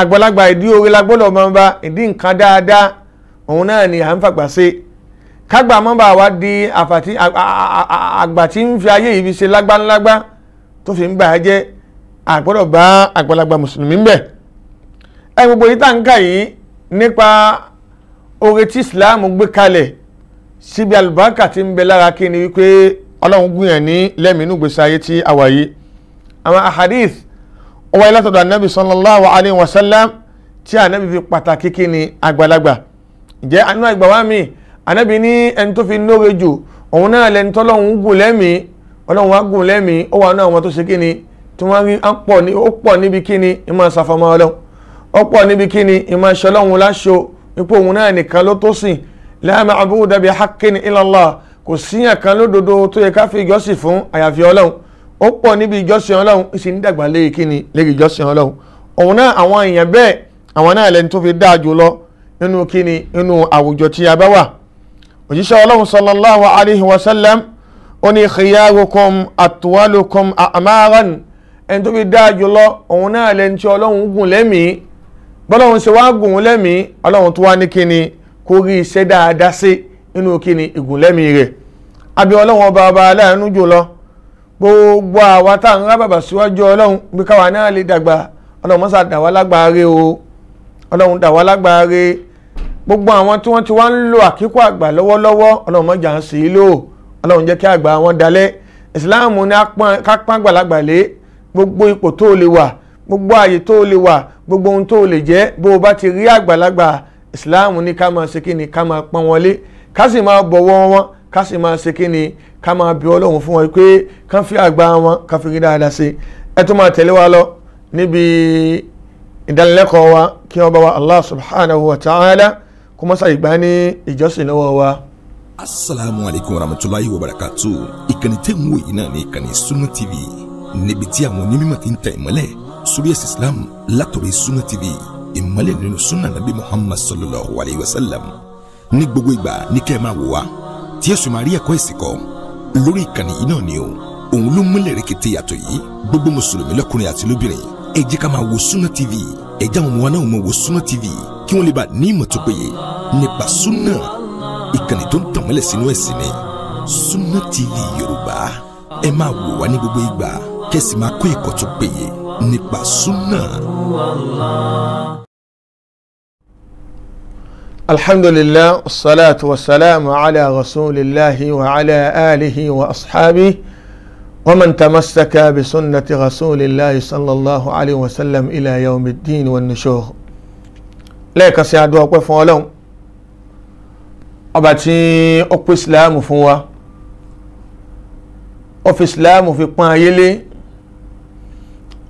àgbàlagbà ìdí oore la gbọ́dọ̀ máa ń bá ìdí nǹkan dáadáa òun náà ni à ń fàgbà ṣe kágbà mọ́ bá wa di àfàtí àgbà tí ń fi ayé yìí fi ṣe lágbáńlágbá tó fi ń gbà á jẹ́ àgbọ́dọ̀ bá àgbàlagbà mùsùlùmí ń bẹ̀ ẹ gbogbo yìí tá yìí nípa oore tí Islam gbé kalẹ̀ síbi àlùbáríkà tí ń bẹ lára kí ni wípé ọlọ́run gbìyànjú lẹ́mìínú gbèsè ayé tí a wà yìí àwọn ahadith ó wáyé látọ̀dọ̀ anabi sallallahu alayhi wa sallam tí anabi fi pàtàkì kí ni àgbàlagbà ǹjẹ́ anú àgbà wa mi anabi ní ẹni tó fi lóore jù òun náà lẹni tọ́lọ́hún gùn lẹ́mìí ọlọ́run wa gùn lẹ́mìí ó wà náà wọn tó ṣe kí ni tí wọ́n rí ó pọ̀ níbi kí ni ìmọ̀ ṣàfọmọ́ ọlọ́run ó níbi kí ni ìmọ̀ ṣọlọ́run láṣọ ipò òun náà nìkan ló tó sìn la ma'buda bihaqqin illa Allah kò síyàn kan lódodo tó yẹ ká fi ìjọsìn fún àyàfi ọlọ́run ó pọ̀ níbi ìjọsìn ọlọ́run ìsì ń dàgbà lé kíni lérí ìjọsìn ọlọ́run òun náà àwọn èèyàn bẹ́ẹ̀ àwọn náà lẹni tó fi dáa jù lọ nínú kíni nínú àwùjọ tí a bá wà òjíṣẹ́ ọlọ́run sallallahu alayhi wa sallam ó ní khiyarukum atwalukum a'maran ẹni tó fi dáa jù lọ òun náà lẹni tí ọlọ́run gùn lẹ́mìí bọ́lọ́run ṣe wá gùn lẹ́mìí ọlọ́run tó wá ní kíni kó rí iṣẹ́ dáadáa sí nínú kíni ìgùn rẹ̀ àbí ọlọ́run ọba ọba aláàánú jù lọ gbogbo àwa tá à ń rá bàbà síwájú ọlọ́run bí káwa náà lè dàgbà ọlọ́run mọ́sá dà wá lágbára o ọlọ́run dà wá lágbára gbogbo àwọn tí wọ́n ti wá ń lo àkíkọ́ àgbà lọ́wọ́lọ́wọ́ ọlọ́run mọ́jà ń sí i lò ọlọ́run jẹ́ kí àgbà wọn dalẹ̀ ìsìláàmù ni ká pọ́n àgbàlagbà lé gbogbo ipò tó lè wà gbogbo ààyè tó lè wà gbogbo ohun tó lè jẹ́ bó o bá ti rí àgbàlagbà ìsìláàmù ni ká máa ṣe kí ni ká máa pọ́n wọn ká sì máa bọ̀wọ̀ wọn ká sì máa ṣe kí ni ká máa bí ọlọ́run fún wọn pé kán fi àgbà wọn kán fi rí dáadáa ṣe ẹ tún máa tẹ̀lé wa lọ níbi ìdánilẹ́kọ̀ọ́ wa kí wọ́n bá wa allah subhanahu wa ta'ala kó mọ́ sàyè gbá ní ìjọsìn lọ́wọ́ wa. asalaamualeykum warahmatulahi wabarakatu ìkànnì tẹ́ ń wò yìí náà ní ìkànnì Sunna TV níbi tí àwọn onímọ̀ ti ń tẹ̀ ìmọ́lẹ̀ sórí ẹ̀sìn Islam látọ̀rọ̀ suna TV ìmọ́lẹ̀ nínú sunna nabi Muhammad sallallahu alayhi wa sallam ní gbogbo ìgbà ní kẹ́ ẹ máa wò wá tí Jésù máa rí ẹ̀kọ́ ìsìnkọ́ lórí ìkànnì yìí náà ni o òun ló múlẹ̀ rẹ̀kẹ̀tẹ̀ yàtọ̀ yìí gbogbo mùsùlùmí lọ́kùnrin àti lóbìnrin ẹ jẹ́ ká máa wo Sunna TV ẹ jẹ́ àwọn ọmọ wa náà mọ̀ wo Sunna TV kí wọ́n lè bá ní ìmọ̀ tó péye nípa Sunna ìkànnì tó ń tàn mọ́lẹ̀ sínú ẹ̀sìn ni Sunna TV Yorùbá ẹ máa wò wá ní gbogbo ìgbà kẹ́sì máa kó ẹ̀kọ́ tó péye nípa Sunna alhamdulillah wassalatu wassalamu ala rasulillahi wa ala alihi wa ashabihi ومن تمسك بسنة رسول الله صلى الله عليه وسلم إلى يوم الدين والنشور lẹ́ẹ̀kan sí adúlọ́ ọpẹ́ fún ọlọ́run ọba tí ó pé ìsìláàmù fún wa ó fi ìsìláàmù fi pọ́n ayé lé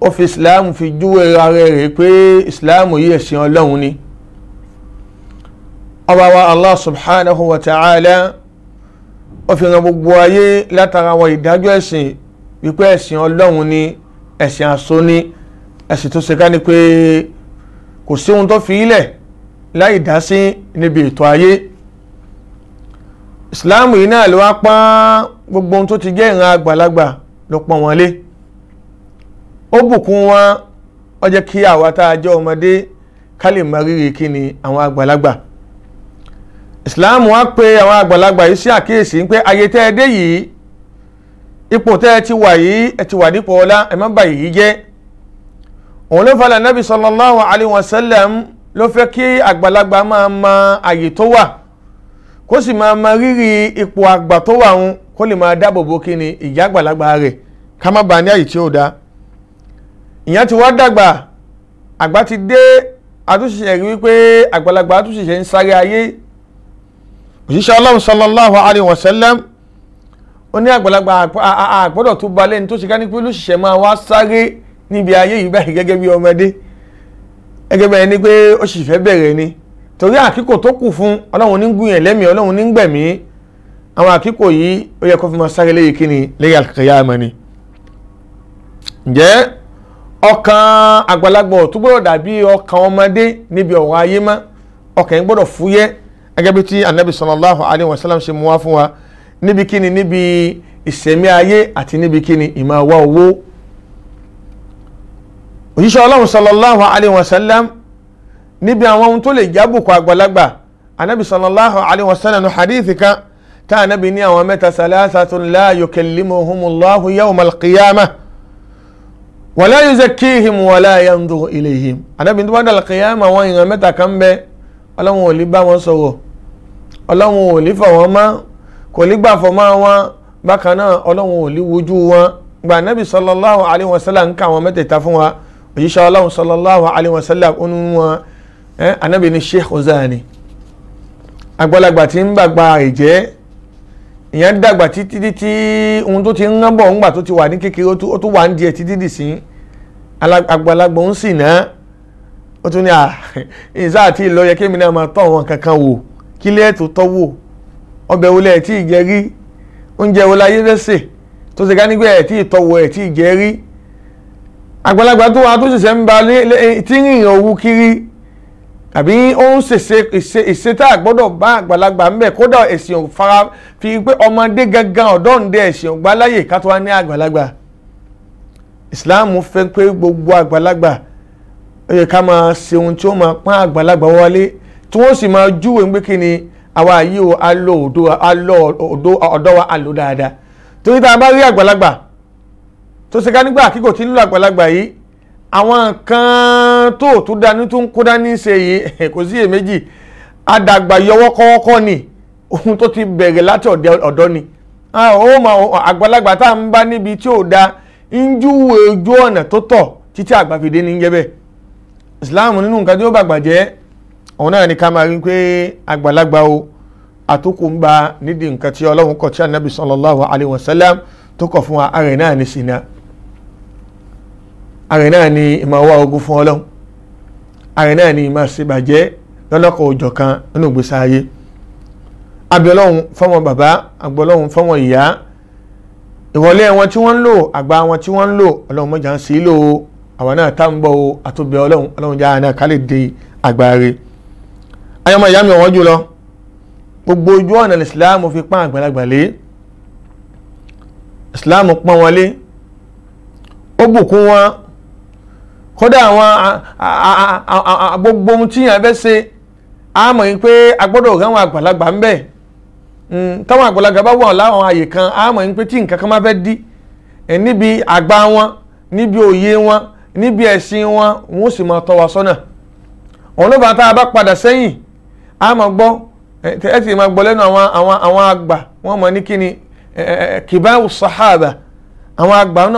ó fi ìsìláàmù fi júwe ara rẹ̀ pé ìsìláàmù yìí ẹ̀sìn ọlọ́run ni ọba wa allah subhanahu wa ta'ala ó fi hàn gbogbo ayé látara àwọn ìdájọ́ ẹ̀sìn wípé ẹ̀sìn ọlọ́run ni ẹ̀sìn àṣọ ni ẹ̀sìn tó ṣe ká ni pé kò sí ohun tó fi ilẹ̀ láì dá sí níbi ètò ayé ìsìláàmù yìí náà ló wá pọ́n gbogbo ohun tó ti jẹ́ ìran àgbàlagbà ló pọ́n wọn lé ó bùkún wọn ó kí àwa tá a jẹ́ ọmọdé ká lè mọ rírì kí ni àwọn àgbàlagbà islam wá pé àwọn àgbàlagbà yìí sí àkíyèsí pé ayé tẹ́ ẹ dé yìí ipò tẹ́ ẹ ti wà yìí ẹ ti wà nípò ọlá ẹ má bà yìí jẹ́ òun ló falẹ̀ nábì sallallahu alayhi wa sallam ló fẹ́ kí àgbàlagbà máa mọ àyè tó wà kó sì máa mọ rírì ipò àgbà tó wà òun kó lè máa dáàbò bo kí ni ìyá àgbàlagbà rẹ̀ ká má bà ní àyè tí ó dáa ìyá ti wá dàgbà àgbà ti dé àtúnṣe rí wípé àgbàlagbà àtúnṣe ń sáré ayé òṣìṣẹ́ ọlọ́run sallallahu alayhi wa sallam ó ní àgbàlagbà àgbọ́dọ̀ tó ba lẹ́ni tó ṣe ká ní pé olóṣìṣẹ́ máa wá sáré níbi ayé yìí báyìí gẹ́gẹ́ bí ọmọdé gẹ́gẹ́ bẹ́ẹ̀ ni pé ó sì fẹ́ bẹ̀rẹ̀ ni torí àkíkò tó kù fún ọlọ́run ní gbìyàn lẹ́mí ọlọ́run ní gbẹ̀mí àwọn àkíkò yìí ó yẹ kó fi máa sáré léyìí kíni lẹ́yìn àkàkẹ́yà àmọ́ ni. ǹjẹ́ ọkàn àgbàlagbà gẹ́gẹ́ bí tí anabi sallallahu alayhi wa sallam ṣe mú wá fún wa níbi kíni níbi ìsẹ̀mí ayé àti níbi kíni ìmọ̀ wá owó òjíṣẹ́ ọlọ́run sallallahu alayhi wa sallam níbi àwọn ohun tó lè jábùkù àgbàlagbà anabi sallallahu alayhi wa sallam ní hadith kan tá anabi ní àwọn mẹ́ta salasatun la yukallimuhumullahu yawmal qiyamah wala yuzakkihim wala yanzuru ilayhim anabi ní wàdàl qiyamah àwọn èèyàn mẹ́ta kan bẹ́ẹ̀ ọlọ́run ò lè bá wọn sọ̀rọ̀ ọlọ́run ò ní fọ̀ wọ́n mọ́ kò ní gbà fọ́ mọ́ wọn bákan náà ọlọ́run ò ní wojú wọn gba nabi sallallahu alayhi wa sallam nka àwọn mẹ́tẹ̀ẹ̀ta fún wa òjíṣẹ́ ọlọ́run sallallahu alayhi wa sallam ọ̀nù wọn ẹ anabi ni sheikh ozani àgbàlagbà tí ń gbàgbà ìjẹ́ ìyẹn dàgbà títí títí ohun tó ti ń rán bọ̀ ńgbà tó ti wà ní kékeré ó tún wà ń diẹ títí dì sí àgbàlagbà ń sì ná ó tún ní à ìsáàtì lọ yẹ kémi náà máa tọ̀ wọn kankan wò kílẹ̀ tó tọ́wọ́ ọbẹ̀ wo lẹ̀ tí ì jẹ rí oúnjẹ wo la yé fẹ́ sè tó ṣe ká nígbà ẹ̀ tí ì tọ́wọ́ ẹ̀ tí ì jẹ rí àgbàlagbà tó wà tó ṣẹ̀ṣẹ̀ ń ba tí ń rìn òwú kiri àbí ó ṣèṣe ìṣètà gbọ́dọ̀ bá àgbàlagbà ńbẹ̀ kódà ẹ̀sìn ò fara fi pé ọmọdé gangan ọ̀dọ́ ǹdẹ ẹ̀sìn ò gbà láyè ká tó wá ní àgbàlagbà Islam fẹ́ pé gbogbo àgbàlagbà ó yẹ ká máa ṣe ohun tí ó máa pọ́n àgbàlagbà wọlé tí wọ́n sì máa júwe ń gbé kí ni àwa yìí o alọ ọ̀dọ́ ọ̀dọ́ wa alọ dáadáa torí tá a bá rí àgbàlagbà tó ṣe ká nígbà kíkò tí ń lo àgbàlagbà yìí àwọn nǹkan tó tó dání tó ń kó dání ṣe yìí kò sí èméjì àdàgbà yọwọ́ kọ́wọ́kọ́ ni ohun tó ti bẹ̀rẹ̀ láti ọ̀dọ́ ni àgbàlagbà tá à ń bá níbi tí ò da ń júwe ojú ọ̀nà tó tọ́ títí àgbàfìdé ní ń jẹ́ bẹ́ẹ̀ Islam nínú nǹkan tí ó bàgbà jẹ́ òun náà ni ká máa rí pé àgbàlagbà o àtúkù ń ba nídìí nǹkan tí ọlọ́run kọ̀ tí anabi sallallahu alayhi wa sallam tó kọ̀ fún wa ààrẹ náà ní sinna ààrẹ náà ní ìmọ̀ wá ogun fún ọlọ́run ààrẹ náà ní ìmọ̀ ṣèbàjẹ́ lọ́lọ́kọ̀ òjọ̀ kan nínú ìgbésí ayé abẹ́lọ́hún fọ́mọ bàbá agbọ́lọ́hún fọ́mọ ìyá ìwọlé wọn tí wọ́n ń lò àgbà wọn tí wọ́n ń lò ọlọ́run mọ́jà ń sí lò àwọn náà tá ń bọ̀ àtúbẹ̀ ọlọ́run ọlọ́run jáà náà ká dé àgbà rẹ̀ ayọmọ ìyá mi ọ̀wọ́n jù gbogbo ojú ọ̀nà islam fi pán àgbàlagbà lé islam pọ́n wọn lé ó bùkún wọn kódà àwọn gbogbo ohun tí yàn fẹ́ ṣe a mọ̀ yín pé a gbọ́dọ̀ ráwọn àgbàlagbà ń bẹ hmm, táwọn àgbàlagbà bá wà láwọn àyè kan a mọ̀ yín pé tí nǹkan kan bá fẹ́ dí níbi àgbà wọn níbi òye wọn níbi ẹ̀sìn wọn wọn ó sì máa tọ́ wa sọ́nà òun ló bá tá a bá padà sẹ́yìn a ma gbọ́ ẹ sì máa gbọ́ lẹ́nu àwọn àgbà mọ̀ ní kíni kìbáwù sàhábà àwọn àgbà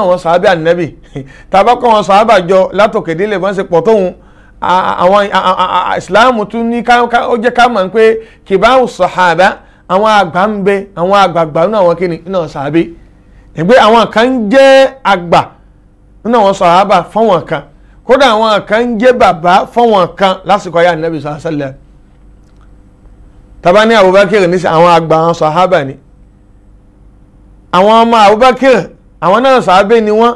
wọn sàábà jọ látòkè délẹ̀ bọ́n ṣe pọ̀ tóun àwọn ìsìláàmù tún ní ó jẹ́ ká mọ̀ pé kìbáwù sàhábà àwọn àgbà ń bẹ àwọn àgbààgbà náà wọ́n kíni náà àwọn kan jẹ́ àgbà náà wọn kan kódà àwọn kan jẹ́ bàbá kan lásìkò ayé tàbá ní Abubakar ní àwọn àgbà àwọn sahaba ni àwọn ọmọ Abubakar àwọn náà sahabe ni wọ́n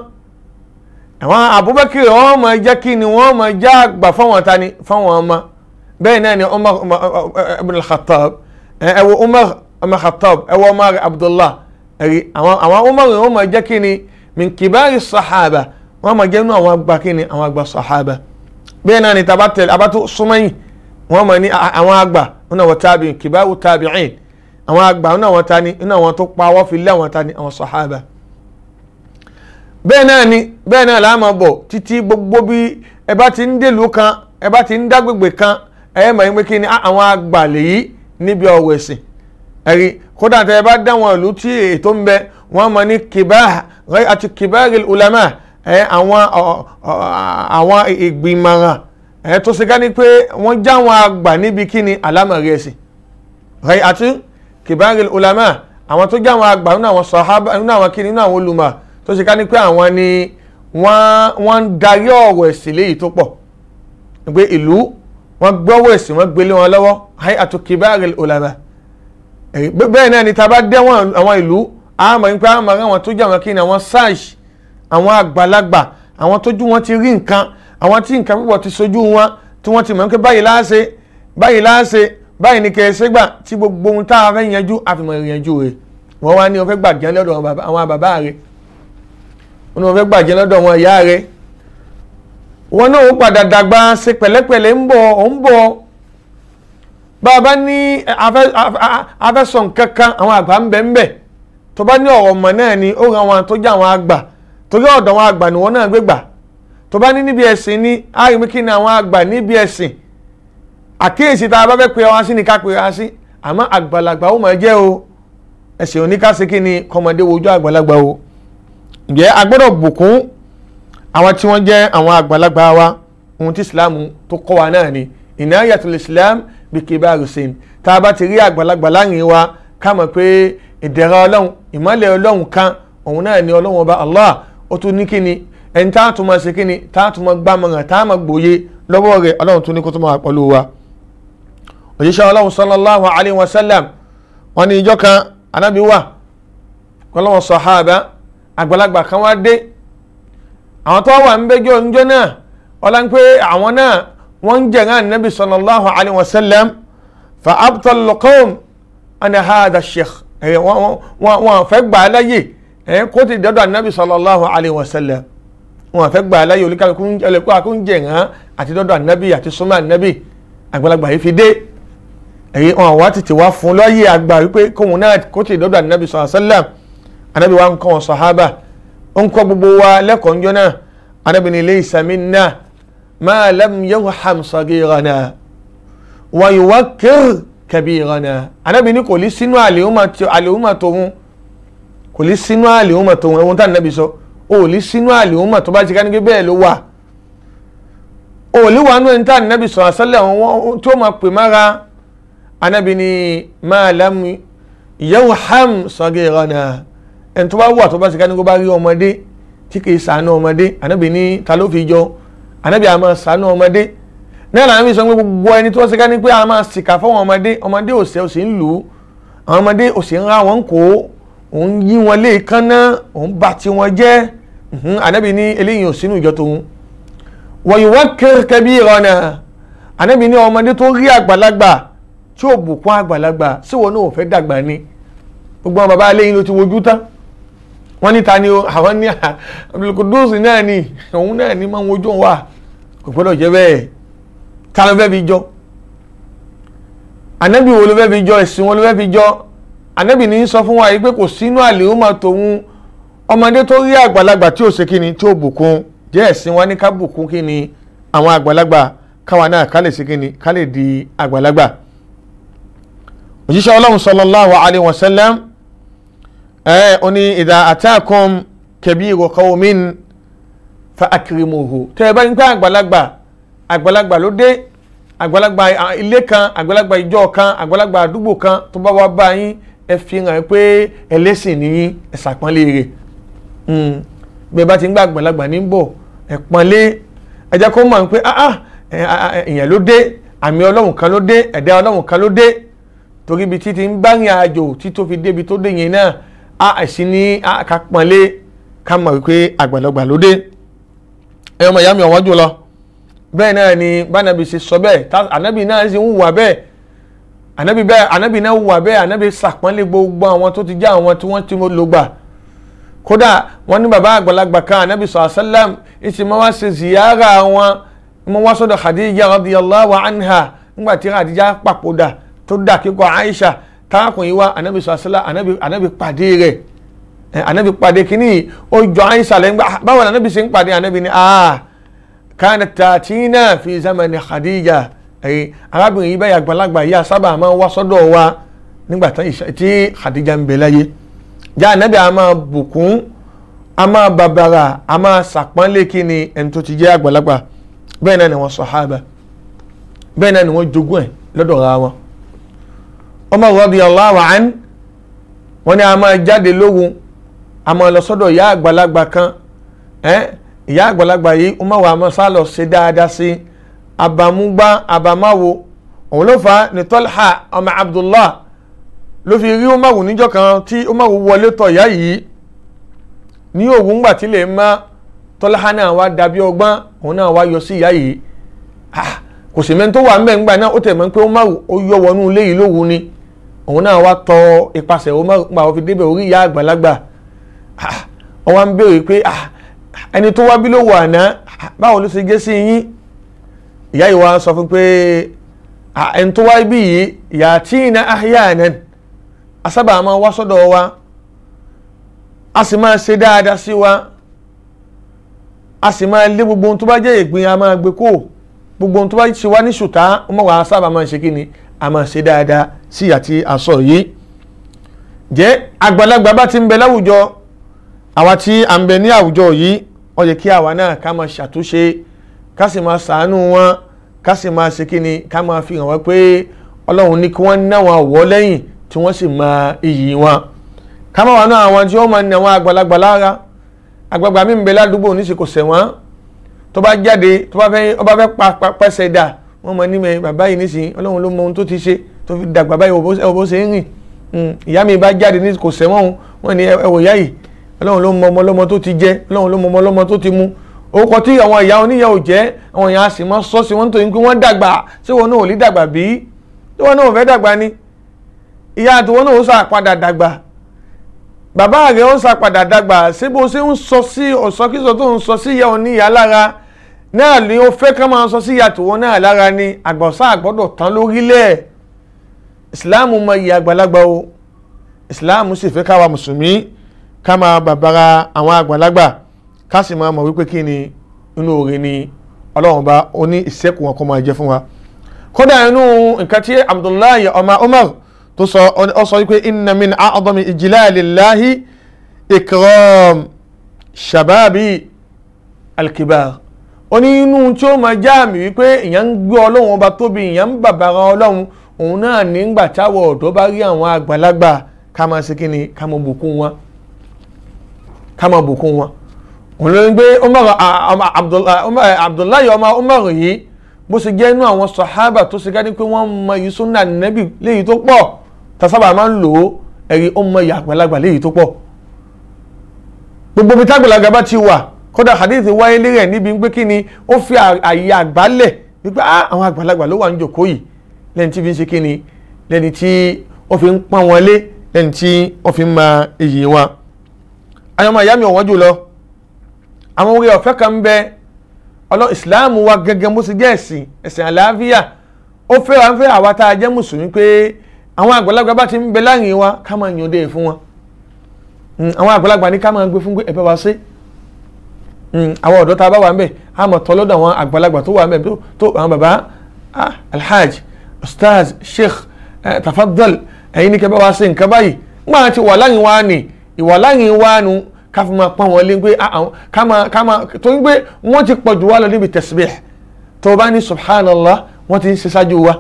àwọn Abubakar wọ́n máa jẹ́ kí ni wọ́n máa jẹ́ àgbà fáwọn tani fáwọn ọmọ bẹ́ẹ̀ náà ni Umar ibn al-Khattab ẹ wo Umar ọmọ Khattab ẹ wo Umar Abdullah ẹ̀rí àwọn Umar wọ́n máa jẹ́ kí ni min kibari sahaba wọ́n máa jẹ́ nínú àwọn àgbà kí ni àwọn àgbà sahaba bẹ́ẹ̀ náà ni tàbá tẹ̀lé abátó súnmọ́yìn wọ́n máa ní àwọn àgbà náà wọ́n tábìín kìbáwò tábìín àwọn àgbà náà wọ́n ta ni náà wọ́n tó pa wọ́n fi lé àwọn ta ni àwọn sàhábà bẹ́ẹ̀ náà ni bẹ́ẹ̀ náà láàmú bọ̀ títí gbogbo bí ẹ bá ti ń dèlú kan ẹ bá ti ń dágbègbè kan ẹ mọ̀ yín pé kí ni ah, àwọn àgbà lèyí níbi ọ̀wọ̀ ẹ̀sìn ẹ̀rí kódà tẹ ẹ bá dáwọn ìlú tí ètò ń bẹ wọ́n mọ̀ ní kìbáà àti kìbáà ulama ẹ̀ àwọn ìgbìmọ̀ràn ẹ̀ tó ṣe ká ní pé wọ́n já àgbà níbi kí ni àlámọ̀rí ẹ̀sìn rẹ̀ àti kìbáril ulama àwọn tó já wọn àgbà nínú àwọn sàhábà nínú àwọn kíni nínú àwọn olùmọ̀ tó ṣe ká ní pé àwọn ni wọ́n ń darí ọ̀rọ̀ ẹ̀sìn léyìí tó pọ̀ pé ìlú wọ́n gbọ́wọ́ ẹ̀sìn wọ́n gbélé wọn lọ́wọ́ àti kìbáril ulama bẹ́ẹ̀ náà ni tá bá dé àwọn ìlú àmọ́ ní pé àmọ́ àwọn tó já wọn kíni àwọn àwọn tí nǹkan púpọ̀ ti sojú wọn tí wọ́n ti mọ̀ pé báyìí láàṣe báyìí láàṣe báyìí ni kẹ̀ẹ́sẹ́ gbà tí gbogbo ohun tá a fẹ́ yanjú àfihàn ìyànjú rẹ̀ wọ́n wá ní wọ́n fẹ́ gbàjẹ́ lọ́dọ̀ àwọn bàbá rẹ̀ wọ́n ní wọ́n fẹ́ gbàjẹ́ lọ́dọ̀ àwọn ìyá rẹ̀ wọ́n náà ó padà dàgbà ṣe pẹ̀lẹ́pẹ̀lẹ́ ń bọ̀ ó ń bọ̀ bàbá ní afẹ́sọ̀ nǹkan àwọn àgbà ń bẹ ń bẹ tó bá ní ọ̀rọ̀ ọmọ náà ni ó ran àwọn tó jẹ́ àwọn àgbà torí ọ̀dọ̀ àwọn àgbà ni wọ́n náà gbé tó bá ní níbi ẹ̀sìn ni àyùmí kí ni àwọn àgbà níbi ẹ̀sìn àkíyèsí tá a bá fẹ́ pe wá sí ni ká pe wá sí àmọ́ àgbàlagbà ó máa jẹ́ o ẹ̀sìn oníkàsí kí ni kọ́mọdé wojú àgbàlagbà o ǹjẹ́ a gbọ́dọ̀ bùkún àwọn tí wọ́n jẹ́ àwọn àgbàlagbà wa ohun tí Islam tó kọ́ wa náà ni ìnáyàtul Islam bí kibaru sin tá a bá ti rí àgbàlagbà láàrin wa ká mọ̀ pé ìdẹ̀ra ọlọ́run ìmọ́lẹ̀ ọlọ́run kan òun náà ni ọlọ́run ọba Allah ó tún ní kí ni ẹni tá a tún máa ṣe kí ni tá a tún máa gbàmọ̀ràn tá a máa gbòye lọ́wọ́ rẹ̀ ọlọ́run tún ní kó tó máa pẹ̀lú wa òjíṣẹ́ ọlọ́run sallallahu alayhi wa sallam wọn ní ìjọ kan anábì wà kọlọ́wọ́ sàhábà àgbàlagbà kan wá dé àwọn tó wà ń bẹ́jọ́ ńjọ́ náà ọlá ń pé àwọn náà wọ́n ń jẹ̀rán anábì sallallahu alayhi wa sallam fa abtal qawm ana hada sheikh wọn fẹ́ gbà á láyè kó ti dọ́dọ̀ anábì sallallahu alayhi wa sallam wọn àfẹ́ gba aláyé oníkàlùkù ẹlẹ́kọ́ àkóúnjẹ hàn àti dọ́dọ̀ ànábì àti súnmọ́ ànábì àgbàlagbà yìí fi dé èyí wọn àwa tètè wá fún lọ́yẹ̀ àgbà wípé kóhun náà kó tè dọ́dọ̀ ànábì sọ̀rọ̀ sálàm ànábì wa ń kọ́ wọn sàhábà ó ń kọ́ gbogbo wa lẹ́kọ̀ọ́ njọ́ náà ànábì ní laysa minna ma lam yarham saghirana wa yuwaqqir kabirana òòlì sínú àlìhùnmọ̀ tó bá ti ká ní pé bẹ́ẹ̀ ló wà òòlì wà nù ẹni tá ànábì sọ̀rọ̀ sálẹ̀ wọn tí ó máa pè mára ànábì ni máa lámù ìyẹ́wò ham sọ́gẹ́ ìrọ̀nà ẹni tó bá wà tó bá ti ká ní pé bá rí ọmọdé tí kì í sànú ọmọdé ànábì ni ta ló fi jọ ànábì àmọ́ sànú ọmọdé náà làwọn mi sọ pé gbogbo ẹni tó ṣe ká ní pé a máa sìkà fáwọn ọmọdé ọmọdé òsè òsè ń lù ú àwọn ọmọdé òsè ń ra wọn kó òun yí wọn lé kánná òun bà wọn jẹ́ anabi mhm. ní eléyìí ò sínú ìjọ tòun wọ̀nyí wọ́n kéré kẹbí ìrọ̀nà anabi ní ọmọdé tó rí àgbàlagbà tí ò bùkún àgbàlagbà síwọ náà ò fẹ́ dàgbà ni gbogbo àwọn baba eléyìí ló ti wojú tán wọ́n ní ta ni àwọn ní Abdulkudus náà ni òun náà ni máa ń wojú wa kò gbọ́dọ̀ jẹ́ bẹ́ẹ̀ ta ló fẹ́ fi jọ anabi wo ló fẹ́ fi jọ ẹ̀sìn wo ló fẹ́ fi jọ anabi ní sọ fún wa yìí pé kò sínú àlè ó máa tòun ọmọdé tó rí àgbàlagbà tí ò ṣe kí ni tí ò bùkún jẹ́ ẹ̀sìn wa ní ká bùkún kí ni àwọn àgbàlagbà káwa náà ká lè ṣe kí ni ká lè di àgbàlagbà. òjíṣẹ́ ọlọ́run sallallahu alayhi wa sallam ẹ̀ ó ní idha atakum kabiru qawmin fa akrimuhu tẹ́ ẹ bá ń gbá àgbàlagbà àgbàlagbà ló dé àgbàlagbà ilé kan àgbàlagbà ìjọ kan àgbàlagbà àdúgbò kan tó bá wá bá yín ẹ fi hàn pé ẹlẹ́sìn nìyí ẹ rẹ̀ Hmm. bẹ́ẹ̀ bá ti ń gbà àgbàlagbà ní bọ̀ ẹ̀ pọ́nlé ẹ jẹ́ kó mọ̀ pé ah, ah, ìyẹn ló dé àmì ọlọ́run kan ló dé ẹ̀dá ọlọ́run kan ló dé torí ibi tí ti ń gbárin àjò tí tó fi débi tó dé yẹn náà a àìsí ní ká ká mọ̀ wípé àgbàlagbà ló dé ẹ ọmọ ìyá mi ọ̀wọ́n jù lọ bẹ́ẹ̀ náà ni bánabi ṣe sọ bẹ́ẹ̀ tá ànábì náà ṣe ń wà bẹ́ẹ̀ ànábì bẹ́ẹ̀ ànábì náà wà bẹ́ẹ̀ ànábì ṣàpọ́nlé gbogbo àwọn tó ti jẹ́ àwọn tí wọ́n ti lò gbà kódà wọn ní baba àgbàlagbà kan anabi sọ asalam ìsì máa wá ṣe ziyara wọn máa wá sọ́dọ̀ khadija radiyallahu anha nígbà tí khadija papòdà tó dà kíkọ aisha táàkùn yìí wá anabi sọ asalam anabi pàdé rẹ̀ anabi pàdé kínní ó jọ aisha lẹ́yìn gbà báwo anabi ṣe ń pàdé anabi ni aa kánà tààtínà fi zamani khadija ẹ̀yìn arábìnrin yìí bẹ́ẹ̀ àgbàlagbà yìí a máa wá sọ́dọ̀ wa nígbà tí khadija ń bẹ láyé já ànábì a máa bùkún a máa bàbàrà a ni ẹni tó ti jẹ́ àgbàlagbà bẹ́ẹ̀ náà ni wọ́n sàhábà bẹ́ẹ̀ náà ni wọ́n jogún ẹ̀ lọ́dọ̀ ra wọn. Umar radiyallahu an wọ́n ní a máa jáde lóhun a máa lọ sọ́dọ̀ ìyá àgbàlagbà kan ìyá àgbàlagbà yìí Umar wa máa sá lọ ṣe dáadáa sí abamugba abamáwo òun ló fà á ọmọ Abdullah ló fi rí Umaru níjọ́ kan tí Umaru wọlé tọ̀ ìyá yìí ní òwú ngbà tí lè má tọ́láhá náà wá dàbí ọgbọ́n òun náà wá yọ sí ìyá yìí ah, kò sì mẹ́ni tó wà ń bẹ̀ ńgbà náà ó tẹ̀ mọ́ pé Umaru ó yọ wọnú ilé yìí lówù ni òun náà wá tọ ipasẹ̀ Umaru pa òfin débẹ̀ orí ìyá àgbàlagbà ah, wọ́n wá ń béèrè pé ah, ẹni tó wá bí ló wà náà báwo ló ṣe gé sí yín ìyá yìí wá sọ fún pé ẹni tó wá bí yìí yàtí iná áhíyá náà asábà máa wá sọ́dọ̀ wa a sì máa ṣe dáadáa sí wa a sì máa lé gbogbo ohun tó bá jẹ́ ìpín a máa gbé kó gbogbo ohun tó bá ṣe wá ní ṣùtá ọmọ wa sábà máa ṣe kí ni a máa ṣe dáadáa sí àti aṣọ yìí jẹ́ àgbàlagbà bá ti ń bẹ láwùjọ àwa tí à ń bẹ ní àwùjọ yìí ó yẹ kí àwa náà ká máa ṣàtúnṣe ká sì máa ṣàánú wọn ká sì máa ṣe kí ni ká máa fi hàn wá pé ọlọ́run ní kí wọ́n ná wọn wọ́ lẹ́yìn tí wọ́n sì mọ iyì wọn kámọ́ wà náà àwọn tí ó máa ń àwọn àgbàlagbà lára àgbàgbà mi ń bẹ ládùúgbò níṣẹ́ kò sẹ̀ wọ́n tó bá jáde tó bá fẹ́ ọba fẹ́ pẹ́sẹ̀ dà wọ́n mọ nímẹ̀ bàbá yìí níṣìí ọlọ́run ló mọ ohun tó ti ṣe tó fi dàgbà báyìí òbó ṣe ń rìn hmm, ìyá mi bá jáde ní kò sẹ̀ wọ́n wọ́n ní ẹwọ̀ ìyá yìí ọlọ́run ló mọ ọmọ ọlọ́mọ tó ti ni ìyá àtiwọn náà ó sàpadà dàgbà bàbá rẹ̀ ó sàpadà dàgbà síbo ṣe ń sọ sí ọ̀sọ́kísọ tó ń sọ sí ìyá oníyà lára náà ni ó fẹ́ ká máa sọ sí ìyá àtiwọn náà lára ni àgbọ̀nsá àgbọ́dọ̀ tán lórílẹ̀ ìsìláàmù mọ ìyá àgbàlagbà o ìsìláàmù sì fẹ́ wa mùsùlùmí ká máa bàbára àwọn àgbàlagbà ká sì máa mọ̀ wípé kí ni inú oore ni ọlọ́run bá ó ní ìṣẹ́kù wọn kó máa jẹ fún wa kódà inú nǹkan tí Abdullahi ọmọ Umar tó sọ ọ sọ wípé inna min a'dami ijlalillahi ikram shababi alkibar ó ní inú tí ó máa já mi wípé ìyẹn ń gbé ọlọ́run ọba tóbi ìyẹn ń bàbára ọlọ́run òun náà nígbà táwọn ọ̀dọ́ bá rí àwọn àgbàlagbà ká máa ṣe kíni ká máa bùkún wọn ká máa bùkún wọn òun ló ń gbé Abdullahi ọmọ Umar yìí bó ṣe jẹ́ inú àwọn sàhábà tó ṣe ká pé wọ́n mọ yìí súnà léyìí tó pọ̀ Tasaba máa ń lò ó ẹ̀rí ó mọ ìyá àgbàlagbà léyìí tó pọ̀ gbogbo mi tágbàlagbà bá ti wà kódà hadith wáyé lérẹ̀ níbi pé kí ni ó fi àyè àgbálẹ̀ wípé ah àwọn àgbàlagbà ló wà ń jòkó yìí lẹ́ni tí fi ń ṣe kí ni lẹ́ni tí ó fi ń pọ́n wọn lé lẹ́ni tí ó fi ń ma iyì wọn. àwọn ọmọ mi ọ̀wọ́n jù lọ àwọn orí ọ̀fẹ́ kan ń bẹ ọlọ́ ìsìláàmù wa gẹ́gẹ́ bó ti jẹ́ ẹ̀sìn ẹ̀sìn àlàáfíà ó fẹ́ wa ń fẹ́ àwa tá a jẹ́ mùsùlùmí pé àwọn àgbàlagbà bá ti ń bẹ láàyè wa ká máa yàn dé fún wọn hmm, àwọn àgbàlagbà ní ká máa gbé fún ẹ̀fẹ́ wa ṣe hmm, àwọn ọ̀dọ́ tá a bá wà ń bẹ̀ a mọ̀ tọ́ lọ́dọ̀ àwọn àgbàlagbà tó wà ń bẹ̀ tó àwọn bàbá alhaj ustaz sheikh tafadal ẹ̀yin ní kẹ́bẹ́ wa ṣe nǹkan báyìí nígbà tí wà láyè wa ni ìwà láyè wa nu ká fi máa pọ́n wọn lé pé ká máa ká máa tó ń gbé wọ́n ti pọ̀ jù wá lọ níbi tasbih tó bá ní subhanallah wọ́n ti ń ṣe ṣáájú wa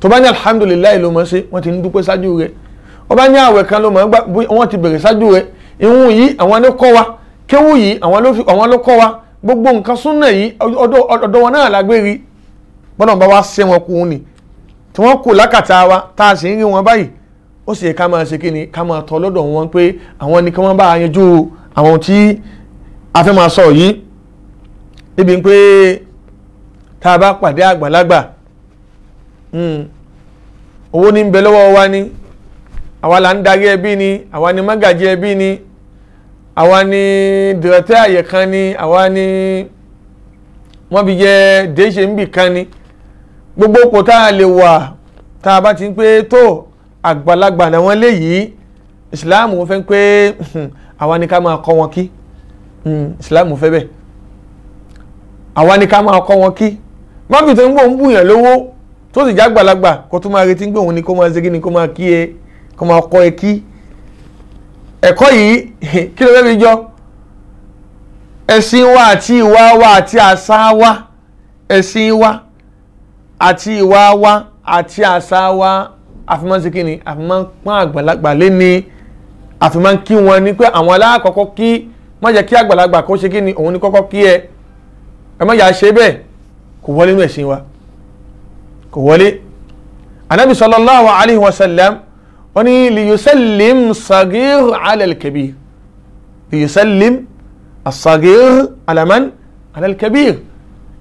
tó bá ní alhamdulilayi ló mọ̀ ṣe wọ́n ti ń dúpẹ́ ṣáájú rẹ̀ ó bá ní àwẹ̀ kan ló mọ̀ gbà wọ́n ti bẹ̀rẹ̀ ṣáájú rẹ̀ ìhun yìí àwọn ló kọ́ wa kéwù yìí àwọn ló kọ́ wa gbogbo nǹkan súnà yìí ọ̀dọ̀ wọn náà lágbèrè bọ́dọ̀ bá wa ṣe wọn kú ni tí wọ́n kù lákàtà wa tá a sì ń rí wọn báyìí ó sì yẹ ká máa ṣe kí ni ká máa tọ́ lọ́dọ̀ wọn pé àwọn ni kí wọ́n bá yanjú àwọn tí a fẹ́ máa sọ yìí níbi pé tá a bá pàdé àgbàlagbà Hmm. owó ní ń bẹ lọ́wọ́ wa ni àwa là ń darí ẹbí ni àwa ni mágàjí ẹbí ni àwa ni dìrọ̀tẹ́ àyẹ̀ kan ni àwa ni wọ́n fi yẹ déṣe ń bì kan ni gbogbo kò tá a lè wà tá a bá ti ń pé tó àgbàlagbà làwọn léyìí ìsìláàmù fẹ́ pé hmm, àwa ni ká máa kọ́ wọn kí hmm, ìsìláàmù fẹ́ bẹ́ẹ̀ àwa ni ká máa kọ́ wọn kí má fi tó ń bò ń bùyàn lówó tó sì jágbàlagbà kó tó máa retí pé òun ni kó máa ṣe kí ni kó máa kí e kó máa kọ́ ẹ e kí ẹ̀kọ́ yìí kí ló fẹ́ fi jọ ẹ̀sìn wa àti ìwà wa àti àṣà wa ẹ̀sìn wa àti ìwà wa àti àṣà wa àfimọ́ ṣe ni àfimọ́ pọ́n àgbàlagbà lé ní àfimọ́ kí wọn ni pé àwọn aláàkọ́kọ́ kí má jẹ́ kí àgbàlagbà kó ṣe ni òun ni kọ́kọ́ kí ẹ ẹ má yà á ṣe bẹ́ẹ̀ kò wọlé nínú ẹ̀sìn wa kò wọlé anabi sallallahu alayhi wa sallam wọ́n ní liyusallim sagir alalkabir liyusallim asagir alaman alalkabir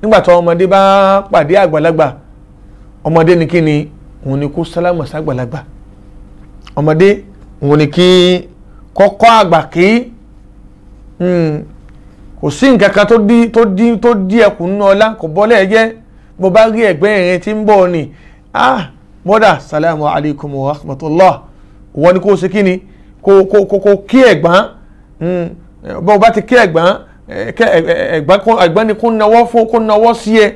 nígbà tó ọmọdé bá pàdé àgbàlagbà ọmọdé ni kí ni òun ni kó sálámà sàgbàlagbà ọmọdé òun ni kí kọ́kọ́ àgbà kí hmm, kò sí nǹkan kan tó dí ẹkùn nínú ọlá kò bọ́lẹ̀ jẹ́ bó bá rí ẹ̀gbẹ́ rẹ̀ tí ń bọ̀ ni ah mọ́dà salamu alaykum wa rahmatulah wọ́n ni kó o ṣe kí ni kó kó kó kí ẹ̀gbọ́n hmm, bó bá ti kí ẹ̀gbọ́n ẹ̀gbọ́n ni kó nawọ́ fún kó nawọ́ sí ẹ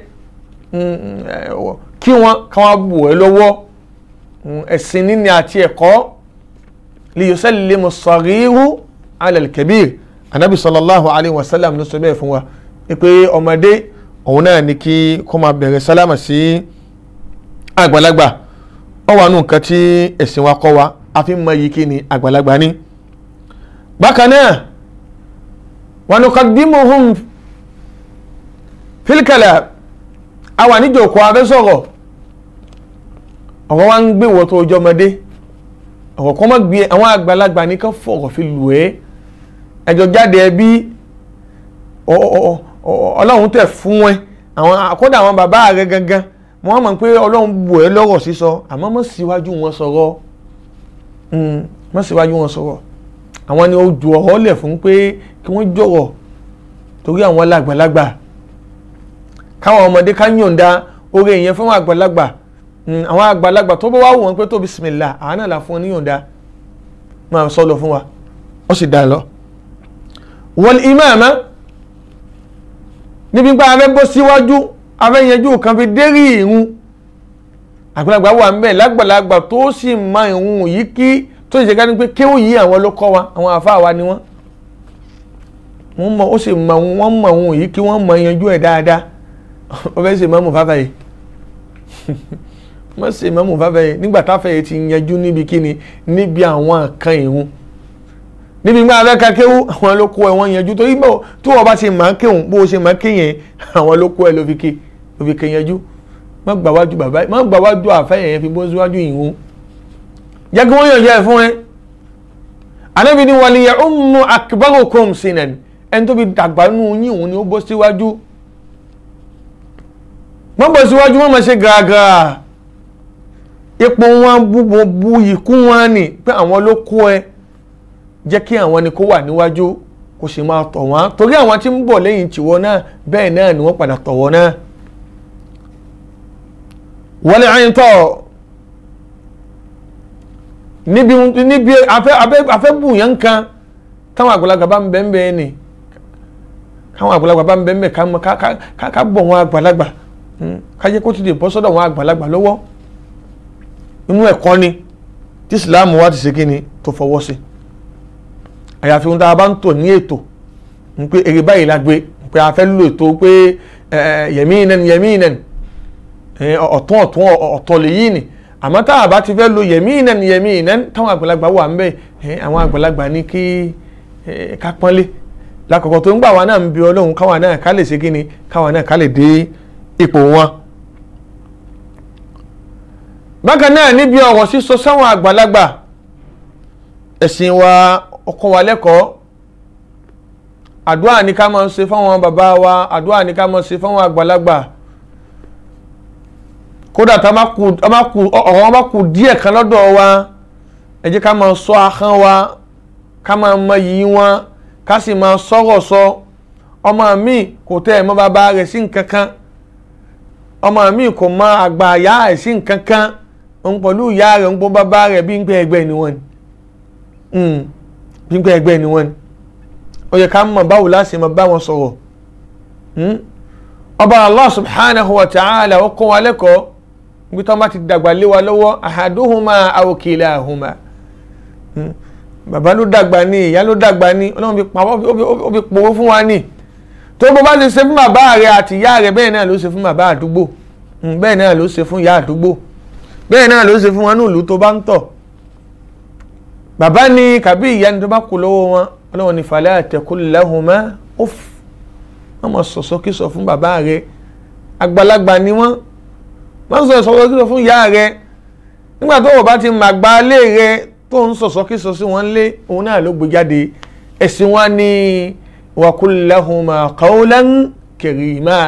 hmm, kí wọ́n káwọn bù ẹ lọ́wọ́ hmm, ẹ̀sìn níní àti ẹ̀kọ́ liyusallimu sọ̀ríhù alal kabir anabi sallallahu alayhi wa sallam ló sọ bẹ́ẹ̀ fún wa pé ọmọdé òun náà ni kí kó máa bẹ̀rẹ̀ sálámà sí àgbàlagbà ó wà nù nǹkan tí ẹ̀sìn wa kọ́ wa a fi mọ iyì kí ni àgbàlagbà ní. bákan náà wa nuqaddimuhum fil kalam a wà níjòkó abẹ́ sọ̀rọ̀ ọ̀rọ̀ wa ń gbé wọ́tò ọjọ́mọdé ọ̀rọ̀ kan má gbé àwọn àgbàlagbà ní ká fọ̀rọ̀ fi lù ẹ́ ẹjọ́ jáde ẹbí ọ̀ọ̀ ọlọ́run tẹ̀ fún ẹ àwọn kódà àwọn bàbá rẹ gangan wọ́n mọ̀ pé ọlọ́run bù ẹ́ lọ́rọ̀ sísọ àmọ́ mọ̀ síwájú wọn sọ̀rọ̀ hmm, mọ̀ síwájú wọn sọ̀rọ̀ àwọn ni ó ju ọ̀rọ̀ lẹ̀ fún pé kí wọ́n jọ̀rọ̀ torí àwọn lágbàlagbà káwọn ọmọdé ká yọ̀ǹda oore yẹn fún àgbàlagbà hmm, àwọn àgbàlagbà tó bá wà wọ́n pé tó bisimilà àwọn náà là fún oníyọ̀ǹda máa sọ lọ fún wa ó sì dá lọ. wal imama níbi gbá afẹ́ bọ́ síwájú afẹ́ yanjú kan fi dérí ìrun àgbàlagbà wà ń bẹ̀ lágbàlagbà tó sì mọ ìrun yìí kí tó ṣe ká ní pé kéwù yìí àwọn ló kọ́ wa àwọn àfáà wa ni wọ́n wọ́n mọ ó sì mọ wọ́n mọ ìrun yìí kí wọ́n mọ yanjú ẹ̀ dáadáa ó fẹ́ ṣe mọ́mù fáfá yìí mọ́ ṣe mọ́mù fáfá yìí nígbà táfẹ́ yìí ti yanjú níbi kíni níbi àwọn kan ìrun níbi gbọ́n abẹ́ ka kéwú àwọn ló kó ẹ wọ́n yanjú torí bó tó o bá ṣe máa ń kéwù bó o ṣe máa ń kéyẹn àwọn ló kó ẹ ló fi ké ló fi ké yanjú má gbà wájú bàbá má gbà wájú àfẹ́yẹ̀ yẹn fi bọ́ síwájú ìhun jẹ́ kí wọ́n yànjú ẹ fún ẹ. anábì ni wàlíyà ó mú akbarukum sinan ẹni tó fi dàgbà nù yín òun ni ó bọ́ síwájú má bọ́ síwájú má má ṣe gàgà ipò wọn bú ikú wọn ni pé àwọn ló kó ẹ jẹ́ kí àwọn ni kó wà níwájú kó sì máa tọ̀ wọ́n torí àwọn tí ń bọ̀ lẹ́yìn tìwọ́ náà bẹ́ẹ̀ náà ni wọ́n padà tọ̀wọ́ náà. wọlé ayin tọ̀ níbi níbi afẹ́bùyàn kan táwọn àgbàlagbà bá ń bẹ́ẹ̀ bẹ́ẹ̀ ni káwọn àgbàlagbà bá ń bẹ́ẹ̀ bẹ́ẹ̀ ká bọ̀ wọn àgbàlagbà hmm, ká jẹ́ kó ti lè bọ́ sọ́dọ̀ wọn àgbàlagbà lọ́wọ́ inú ẹ̀kọ́ ni tí Islam wa ti ṣe kí ni tó fọwọ́ sí i àyàfi ohun tá a bá ń tò ní ètò ń pé èrè báyìí la gbé pé a fẹ́ lò tó pé yẹ̀mí ìnẹ́ni yẹ̀mí ìnẹ́ni ọ̀tún ọ̀tún ọ̀tọ̀ lèyí ni àmọ́ tá a bá ti fẹ́ lo yẹ̀mí ìnẹ́ni yẹ̀mí ìnẹ́ni táwọn àgbàlagbà wà ń bẹ̀ àwọn àgbàlagbà ní kí ká pọ́nlé lákọ̀ọ́kọ́ tó ń gbà wá náà ń bi ọlọ́run káwa náà ká lè ṣe kí ni káwa náà ká lè dé ipò wọn. bákan náà níbi ọ̀rọ̀ sísọ sáwọn àgbàlagbà ẹ̀sìn wa ọkọ wa lẹ́kọ̀ọ́ àdúrà ní ká máa ṣe fáwọn bàbá wa àdúrà ní ká máa ṣe fáwọn àgbàlagbà kódà tá ọ̀rọ̀ bá kù díẹ̀ kan lọ́dọ̀ wa ẹ jẹ́ ká máa sọ ahọ́n wa ká máa mọ yìí wọn ká sì máa sọ̀rọ̀ sọ mi kò tẹ́ ẹ̀ mọ́ bàbá rẹ̀ sí nǹkan mi kò mọ àgbà ẹ̀ sí nǹkan kan òun pẹ̀lú ìyá ni wọ́n ni. Hmm. pínpín ẹgbẹ́ ni wọ́n ni yẹ ká mọ̀ báwo láti mọ̀ bá wọn sọ̀rọ̀ hmm? ọba allah subhanahu wa ta'ala ó kọ́ wa lẹ́kọ̀ọ́ níbi tó bá ti dàgbà wa lọ́wọ́ ahaduhuma aw ahuma hmm? bàbá ló dàgbà ni ìyá ló dàgbà ni ọlọ́run fi pàwọ́ ó ni tó bó bá ti ṣe fún bàbá rẹ àti ìyá rẹ bẹ́ẹ̀ náà ló ṣe fún bàbá àdúgbò hmm? bẹ́ẹ̀ náà ló ṣe fún ìyá àdúgbò bẹ́ẹ̀ náà ló fún wọn ní ìlú tó bá bàbá ni kàbí ìyá ni tó bá kú lọ́wọ́ wọn ọlọ́wọ́n ní falẹ́ àtẹ̀kù lẹ́hùnmá óf wọ́n mọ̀ sọ̀sọ́ kí sọ fún bàbá rẹ̀ àgbàlagbà ni wọ́n wọ́n sọ sọ̀sọ́ kí sọ fún ìyá rẹ̀ nígbà tó wọ́n bá ti mà gba lé rẹ̀ tó ń sọ̀sọ́ kí sọ sí wọn lé òun náà ló gbé jáde ẹ̀sìn wọn ni wàkú lẹ́hùnmá qawlan karima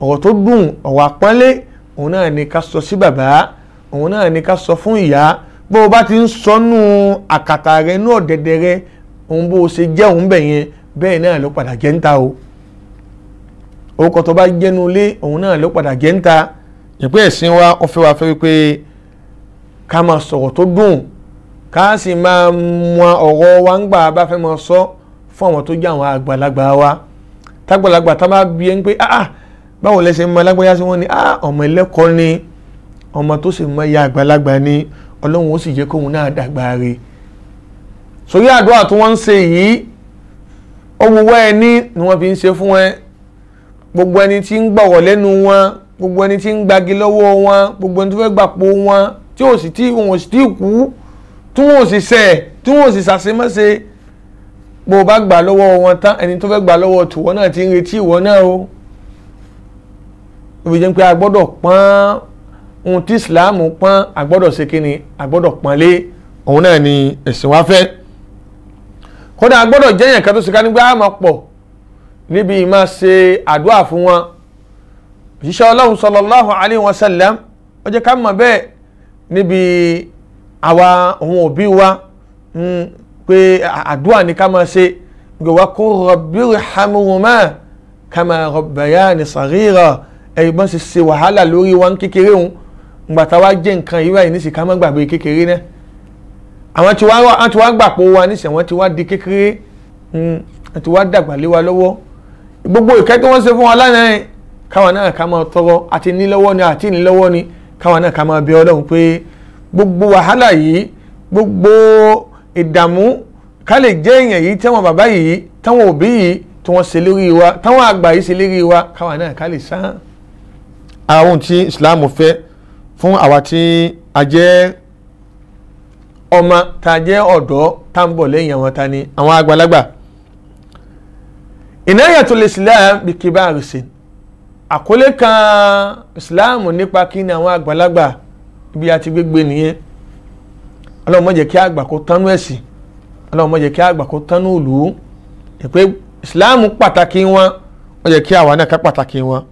ọ̀rọ̀ tó dùn ọ̀rọ̀ àpọ́nlé òun náà ni ká sọ sí bàbá òun náà ni ká sọ fún ìyá bó o bá ti ń sọnù àkàtà rẹ inú ọ̀dẹ̀dẹ̀ rẹ òun bó o ṣe jẹ́ òun bẹ̀ yẹn bẹ́ẹ̀ náà ló padà jẹ́ ń ta o orúkọ tó bá jẹ́nu ilé òun náà ló padà jẹ́ ń ta ìpín ẹ̀sìn wa ó wa fẹ́ wípé ká máa sọ̀rọ̀ tó dùn ká sì máa mọ ọ̀rọ̀ wa ń gbà bá fẹ́ máa sọ fún àwọn tó jẹ́ àwọn àgbàlagbà wa tágbàlagbà tá bá bí ẹ pé ah, ah báwo lẹ ṣe mọ sí wọn ni ah ọmọ ẹlẹ́kọ̀ọ́ ni ọmọ tó sì ọlọ́run ó sì jẹ́ kóun náà dàgbà re sórí àdúrà tí wọ́n ń ṣe yìí owó ẹni ni wọ́n fi ń ṣe fún ẹ gbogbo ẹni tí ń gbọ̀wọ̀ lẹ́nu wọn gbogbo ẹni tí ń gbagi lọ́wọ́ wọn gbogbo ẹni tó fẹ́ gbàpò wọn tí ò sì tí wọn ò sì tí kú tí wọn ò sì ṣẹ̀ tí wọn sì ṣàṣemáṣe bó o bá gbà lọ́wọ́ wọn tán ẹni tó fẹ́ gbà lọ́wọ́ tìwọ́ náà ti ń retí ìwọ náà o òbí jẹ́ pé a pọ́n ohun tí islam pọ́n àgbọ́dọ̀ ṣe kí ni àgbọ́dọ̀ pọ́nlé òun náà ni ẹ̀sìn wa fẹ́ kódà àgbọ́dọ̀ jẹ́yàn kan tó ṣe ká nígbà àmọ́ pọ̀ níbi ìmọ̀ ṣe àdúrà fún wọn òṣìṣẹ́ ọlọ́run sallallahu alayhi wa sallam ó jẹ́ ká mọ̀ bẹ́ẹ̀ níbi àwa òun òbí wa hmm, pé àdúrà ní ká máa ṣe gbèwà kó rabbi irhamhuma kama rabbayani saghira ẹ̀yìn bọ́n ṣe ṣe wàhálà lórí wọn kékeré wọn ngbàtà wa jẹ́ nǹkan yìí báyìí nísìsiyìí ká má gbàgbé kékeré náà àwọn tí wọ́n ti wá gbàpò wa nísìsiyìí àwọn tí wá di kékeré hmm, wọ́n ti wá dàgbà lé wa lọ́wọ́ gbogbo ìkẹ́ tí wọ́n ṣe fún wa lánàá yẹn káwa náà ká máa tọrọ àti nílọ́wọ́ ni àti nílọ́wọ́ ni káwa náà ká máa bẹ ọlọ́run pé gbogbo wàhálà yìí gbogbo ìdààmú ká lè jẹ́ èèyàn yìí tẹ́wọ̀n bàbá yìí tẹ́wọ̀n òbí yìí tí wọ́n ṣe lérí wa táwọn àgbà yìí ṣe lérí wa káwa náà ká lè sàn àwọn ohun tí Islam fẹ́ fún àwa tí a jẹ́ ọmọ tá jẹ́ ọ̀dọ́ tá ń bọ̀ lẹ́yìn àwọn ta ni àwọn àgbàlagbà inayatul islam bí kíbá àrùsìn àkọlé kan islam nípa kí ni àwọn àgbàlagbà ibi àti gbégbé nìyẹn ọlọ́run má jẹ́ kí àgbà kó tánú ẹ̀sìn ọlọ́run má kí àgbà kó tánú ìlú ìpè islam pàtàkì wọn ó kí àwa náà ká pàtàkì wọn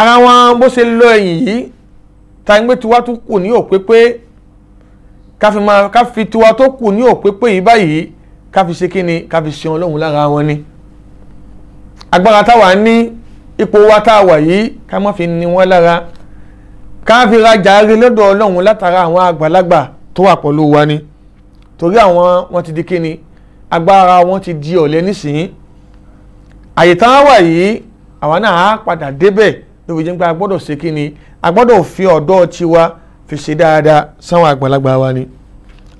ara wọn bó ṣe lọ ẹ̀yìn yìí ta ń gbé tiwa tó kù ní òpépé ká fi máa ká fi tiwa tó kù ní òpépé yìí báyìí ká fi ṣe kíni ká fi ṣe ọlọ́run lára wọn ni agbára táwa ní ipò wa táwa yìí ká má fi ní wọn lára ká fi rajà rí lọ́dọ̀ ọlọ́run látara àwọn àgbàlagbà tó wà pẹ̀lú wa ni torí àwọn wọn ti di kíni agbára wọn ti di ọ̀lẹ nísìnyí àyè táwa wà yìí àwa náà á padà débẹ̀ ló fi jẹ́ pé a ṣe kí ni a gbọ́dọ̀ fi ọ̀dọ́ tiwa fi ṣe dáadáa sáwọn àgbàlagbà wa ni.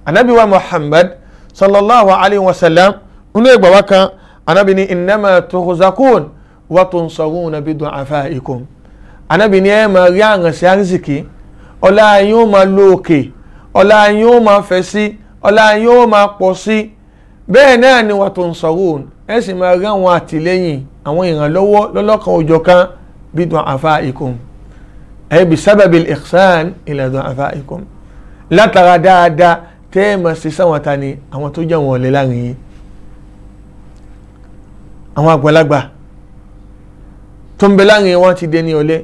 anabi muhammad sallallahu alayhi wa sallam nínú ìgbà wa kan anabi ni innama tukhzakun wa tunsaruna bi du'afaikum anabi ni ẹ máa rí àrànṣe àrísìkí ọlá yín máa lo òkè ọlá yín máa fẹ̀ sí ọlá yín máa pọ̀ sí bẹ́ẹ̀ náà ni wa tunsarun ẹ sì máa rí àwọn àtìlẹ́yìn àwọn ìrànlọ́wọ́ lọ́lọ́kan òjọ̀kan bidu'afaikum ay bisababi al-ihsan ila du'afaikum látara dáadáa tẹ́ẹ̀mà sí sáwọn ta ni àwọn tó jẹ́ wọn lè láàrin yìí àwọn àgbàlagbà tó ń bẹ láàrin wọn ti dé ní ọlẹ́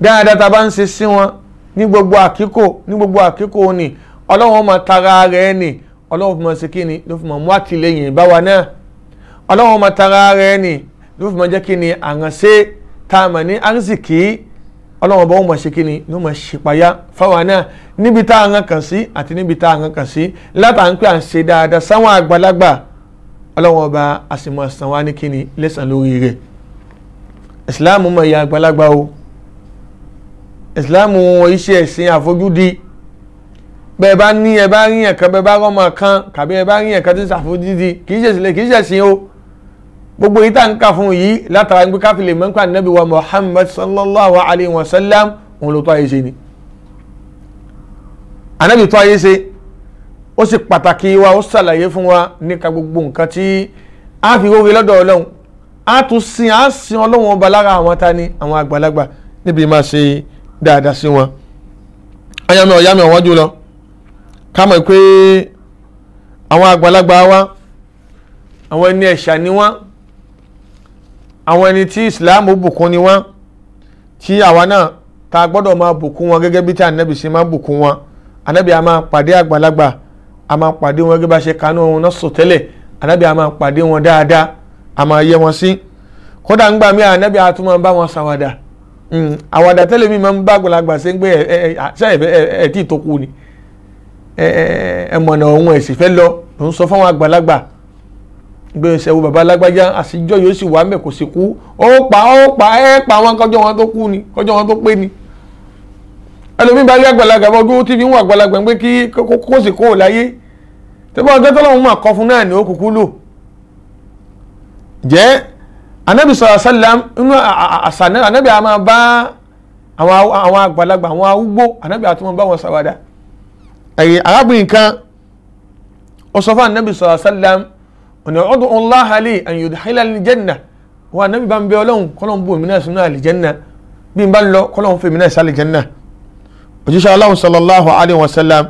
dáadáa ta bá ń ṣe sí wọn ní gbogbo àkíkò ní gbogbo àkíkò ni ọlọ́run máa tara rẹ̀ ni ọlọ́run fi máa ṣe kí ni ló fi máa mú àtìlẹyìn báwa náà ọlọ́run máa tara rẹ̀ ni ló fi máa jẹ́ kí ni àránṣẹ́ tá a mọ̀ ní arzikì ọlọ́wọ́n bá wọn mọ̀ ṣe kí ni ní wọ́n mọ̀ ṣe payá fáwọn náà níbi tá a hàn kàn sí àti níbi tá a hàn kàn sí látà ń pè à ń ṣe dáadáa sáwọn àgbàlagbà ọlọ́wọ́n ọba a sì mọ̀ sàn wá ní kí ni lẹ́sàn lórí rẹ̀ ìsìláàmù mọ̀ ìyá àgbàlagbà o ìsìláàmù iṣẹ́ ẹ̀sìn àfojúdi bẹ́ẹ̀ bá ní ẹ bá rí ẹ̀kan bẹ́ẹ̀ bá rọ́mọ kan kàbí ẹ bá rí ẹ̀kan tó ṣàfojúdi kì í ṣe gbogbo yìí tá n kà fún yìí látara gbé káfílẹ̀ mọ́ńkà nàbí wa muhammad sallallahu alayhi wa sallam òun ló tọ́ ayé ṣe ni ànábì tọ́ ayé ṣe ó sì pàtàkì wa ó ṣàlàyé fún wa níka gbogbo nǹkan tí a fi wọ́wé lọ́dọ̀ ọlọ́run a tún sin a sin ọlọ́run ọba lára àwọn ta ni àwọn àgbàlagbà níbi máa ṣe dáadáa sí wọn ayami ọ̀yami ọ̀wọ́jú lọ ká mọ̀ pé àwọn àgbàlagbà wa àwọn ẹni ẹ̀ṣà ni wọ́n àwọn ẹni tí islam bùkún ni wọ́n tí àwa náà ta gbọ́dọ̀ máa bùkún wọn gẹ́gẹ́ bí tí ànábì ṣe máa bùkún wọn ànábì a máa pàdé àgbàlagbà a máa pàdé wọn gẹ́gẹ́ bá ṣe kanú wọn náà sọ tẹ́lẹ̀ ànábì a pàdé wọn dáadáa a yẹ wọn sí kódà ń mí ànábì a máa bá wọn ṣàwàdà hmm, àwàdà tẹ́lẹ̀ mi máa ń bá àgbàlagbà ṣe ń gbé ẹ̀ tí ì tó kú ni ẹ̀ mọ̀nà òun ẹ̀ fẹ́ lọ òun sọ fáwọn àgbàlagbà gbèsè wo baba lágbájá àsìjọ yóò sì wà mẹ́kò sí kú ó pa ó pa ẹ pa wọn kọjọ wọn tó kú ni kọjọ wọn tó pé ni ẹlòmíín bá rí àgbàlagbà bọ dúró tí fi ń wà àgbàlagbà pé kí kókó sì kó o láyé tẹ́fọ́ ọjọ́ tọ́lọ́hún mà kọ́ fún náà ni ó kúkú lò jẹ́ anabi sọ̀rọ̀ sálàm inú àṣà anabi a bá àwọn àgbàlagbà àwọn arúgbó anabi àti bá wọn ṣàwàdà ẹ̀yìn arábìnrin kan ó sọ fún anabi sọ̀rọ̀ sálàm ọ̀nà ọdún Allah ali an yudkhilani aljanna wa nabi bá ń bẹ ọlọ́run kọ́lọ́n bò mí náà sínú àlìjẹ́nà bí n bá ń lọ kọ́lọ́n fèmí náà sí àlìjẹ́nà òjíṣẹ́ aláhùn sallallahu alayhi wa sallam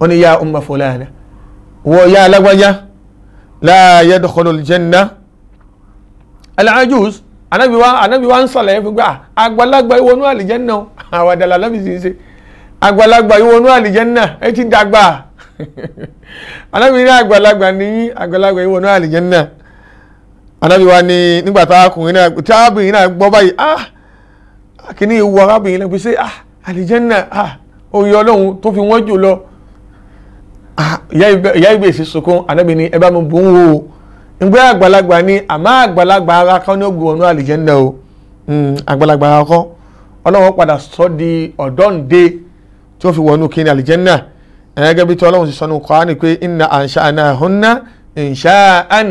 wọn ni ya umma fulana wọ ya alágbájá la yadkhulu aljanna al-ajuz anabi wa anabi wa ń sọ̀lẹ̀ fún gbà ah, àgbàlagbà ìwọnú àlìjẹ́nà anábìrin àgbàlagbà ní àgbàlagbà yìí wọnú àlìjẹ́nnà anábì wa ní nígbà táàkùnrin náà náà gbọ́ báyìí ah kìíní ìwọ arábìnrin náà pèsè ah àlìjẹ́nnà ah oyè ọlọ́run tó fi wọ́n jù lọ ah, ìyá ìgbè sí sunkún anábì ní ẹ bá mi bò ń wo ìgbé àgbàlagbà ní àmọ́ àgbàlagbà ara kan ní ògùn ọ̀nà àlìjẹ́nnà o hmm, àgbàlagbà ara kan ọlọ́run padà sọ di ọ̀dọ́ǹde tí ó fi wọnú kí ní àlìjẹ́nnà ẹ̀ẹ́gẹ́ bí tí ọlọ́run ti sọnù Kùránì pé inna ansha'nahunna insha'an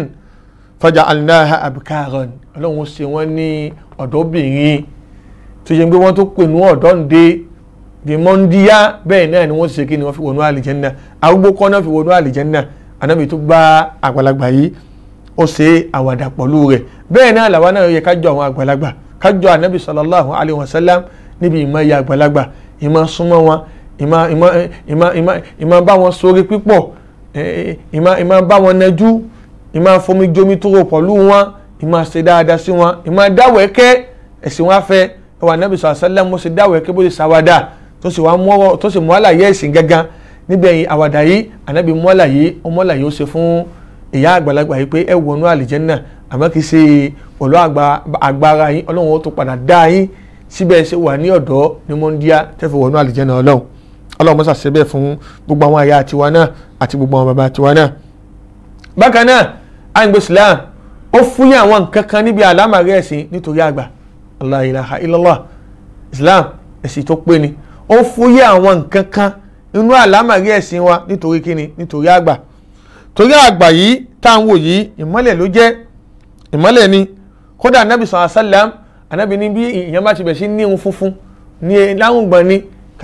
faja'alnaha abkaran ọlọ́run ó ṣe wọ́n ní ọ̀dọ́bìnrin tó yẹ pé wọ́n tó pè ní ọ̀dọ́ǹde bí mọ́ndíyá bẹ́ẹ̀ náà ni wọ́n ti ṣe ni wọ́n fi wọnú àlìjẹ́nà arúgbó kọ́ náà fi wọnú àlìjẹ́nà ànábì tó bá àgbàlagbà yìí ó ṣe àwàdà pọ̀lú rẹ̀ bẹ́ẹ̀ náà làwa náà yẹ kájọ àwọn àgbàlagbà kájọ ànábì sallallahu alayhi wa sallam níbi ìmọ̀ ìyá àgbàlagbà ìmọ̀ súnmọ́ wọn ìmọ̀ ìmọ̀ ìmọ̀ ìmọ̀ ìmọ̀ bá wọn sórí pípọ̀ ìmọ̀ ìmọ̀ bá wọn nẹjú ìmọ̀ fomi jomi tó rò pọ̀lú wọn ìmọ̀ ṣe dáadáa sí wọn ìmọ̀ dáwẹ́kẹ́ ẹ̀sìn wọn afẹ́ ẹwà nàbì sọ àṣálẹ́ mo ṣe dáwẹ́kẹ́ bó ṣe ṣàwádà tó sì wá mọ́wọ́ tó sì mú àlàyé ẹ̀sìn gangan níbẹ̀ yìí àwàdà yìí ànábì mú àlàyé ọmọ àlàyé ó ṣe fún ìyá àgbàlagbà yìí pé ẹ wọnú àlìjẹ́nà àmọ́ kì ṣe pẹ̀lú agbára yín ọlọ́run ó tó padà dá yín síbẹ̀ ṣe wà ní ọ̀dọ́ ní mọ́ndíá tẹ́fẹ̀ wọnú àlìjẹ́nà ọlọ́run ọlọ́run mọ́sà ṣe bẹ́ẹ̀ fún gbogbo àwọn aya tiwa náà àti gbogbo àwọn bàbá tiwa náà. bákan náà àyìnbó islam ó fúyẹ́ àwọn nǹkan kan níbi àlámàrí ẹ̀sìn nítorí àgbà la ilaha illallah islam ẹ̀sìn tó pé ni ó fúyẹ́ àwọn nǹkan kan inú àlámàrí ẹ̀sìn wa nítorí kíni nítorí àgbà torí àgbà yìí tá à ń wò yìí ìmọ́lẹ̀ ló jẹ́ ìmọ́lẹ̀ ni kódà anábì sàn àṣàlám anábì ní bí ìyẹn bá ti bẹ̀ sí ní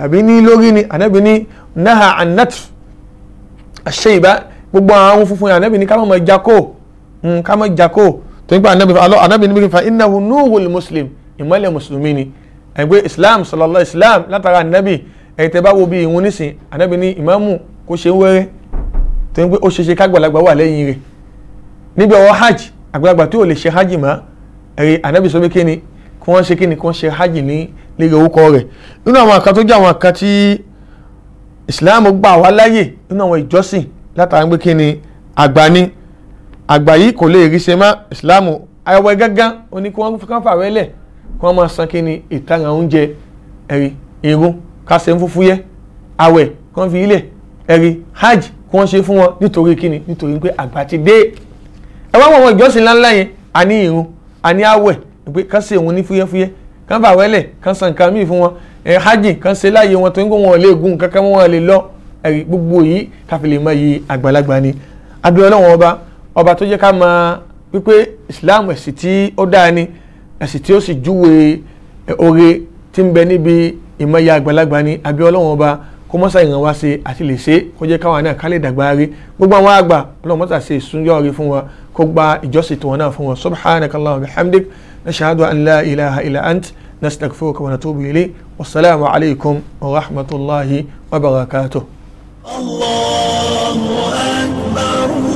tàbí ní lórí ni ànábì ní náà anat àṣẹ ìbá gbogbo àwọn funfun yẹn ànábì ní ká mọ̀ jákò hmm, ká mọ̀ jákò tó ń pa ànábì alọ́ ànábì ní bíkìfà innahu nuhul muslim ìmọ̀lẹ̀ mùsùlùmí ni ẹgbẹ́ islam sallallahu islam látara ànábì ẹ̀yìn tẹ́ bá wo bí ìhun nísìn ànábì ní ìmáàmù kó ṣe ń wẹ́rẹ́ tó ń pé ó ṣeṣe kágbàlagbà wà lẹ́yìn rẹ̀ níbi ọwọ́ hajj àgbàlagbà tí ò lè ṣe hajj mọ́ ẹ̀rí ànábì sọ lérí orúkọ rẹ̀ nínú àwọn kan tó jẹ́ àwọn kan tí Islam gbà wá láyè nínú àwọn ìjọsìn látara pé kí ni àgbà ni àgbà yìí kò lè rí ṣe má Islam ayọwẹ gángan ó ní kí wọ́n kàn fàwẹ́ lẹ̀ kí wọ́n máa san kí ni ìtara oúnjẹ ẹ̀rí irun kásẹ̀ ń fúfú yẹ àwẹ̀ kí wọ́n fi ilẹ̀ ẹ̀rí hajj kí wọ́n ṣe fún wọn nítorí kí ni nítorí pé àgbà ti dé ẹ wá wọn ìjọsìn ńláńlá yẹn àní irun àní àwẹ̀ pé kásẹ̀ òun ní fúyẹ́fúyẹ́ kán bà wẹ́lẹ̀ kán san nǹkan míì fún wọn ẹ̀ eh, hajj kán ṣe láàyè wọn tó ń gbọ́ wọn lè gun kankan wọn lè lọ ẹ̀rí gbogbo yìí káfílẹ̀ mọ iye àgbàlagbà ni abẹ́ ọlọ́wọ́n ọba ọba tó jẹ́ ká mọ wípé Islam ẹ̀sìn tí ó dáa ni ẹ̀sìn tí ó sì júwe eh, oore tí ń bẹ níbi ìmọ̀ya àgbàlagbà ni abẹ́ ọlọ́wọ́n ọba kó mọ́sá ìràn wá ṣe àti lè ṣe kó jẹ́ káwọn náà ká dàgbà rí gbogbo àwọn àgbà ọlọ́wọ́n ṣe ìsúnyọ́ rí fún wa kó gba ìjọsìn tiwọn náà fún wa subhanaka Allahumma bihamdik نشهد أن لا إله إلا أنت نستغفرك ونتوب إليه والسلام عليكم ورحمة الله وبركاته الله أكبر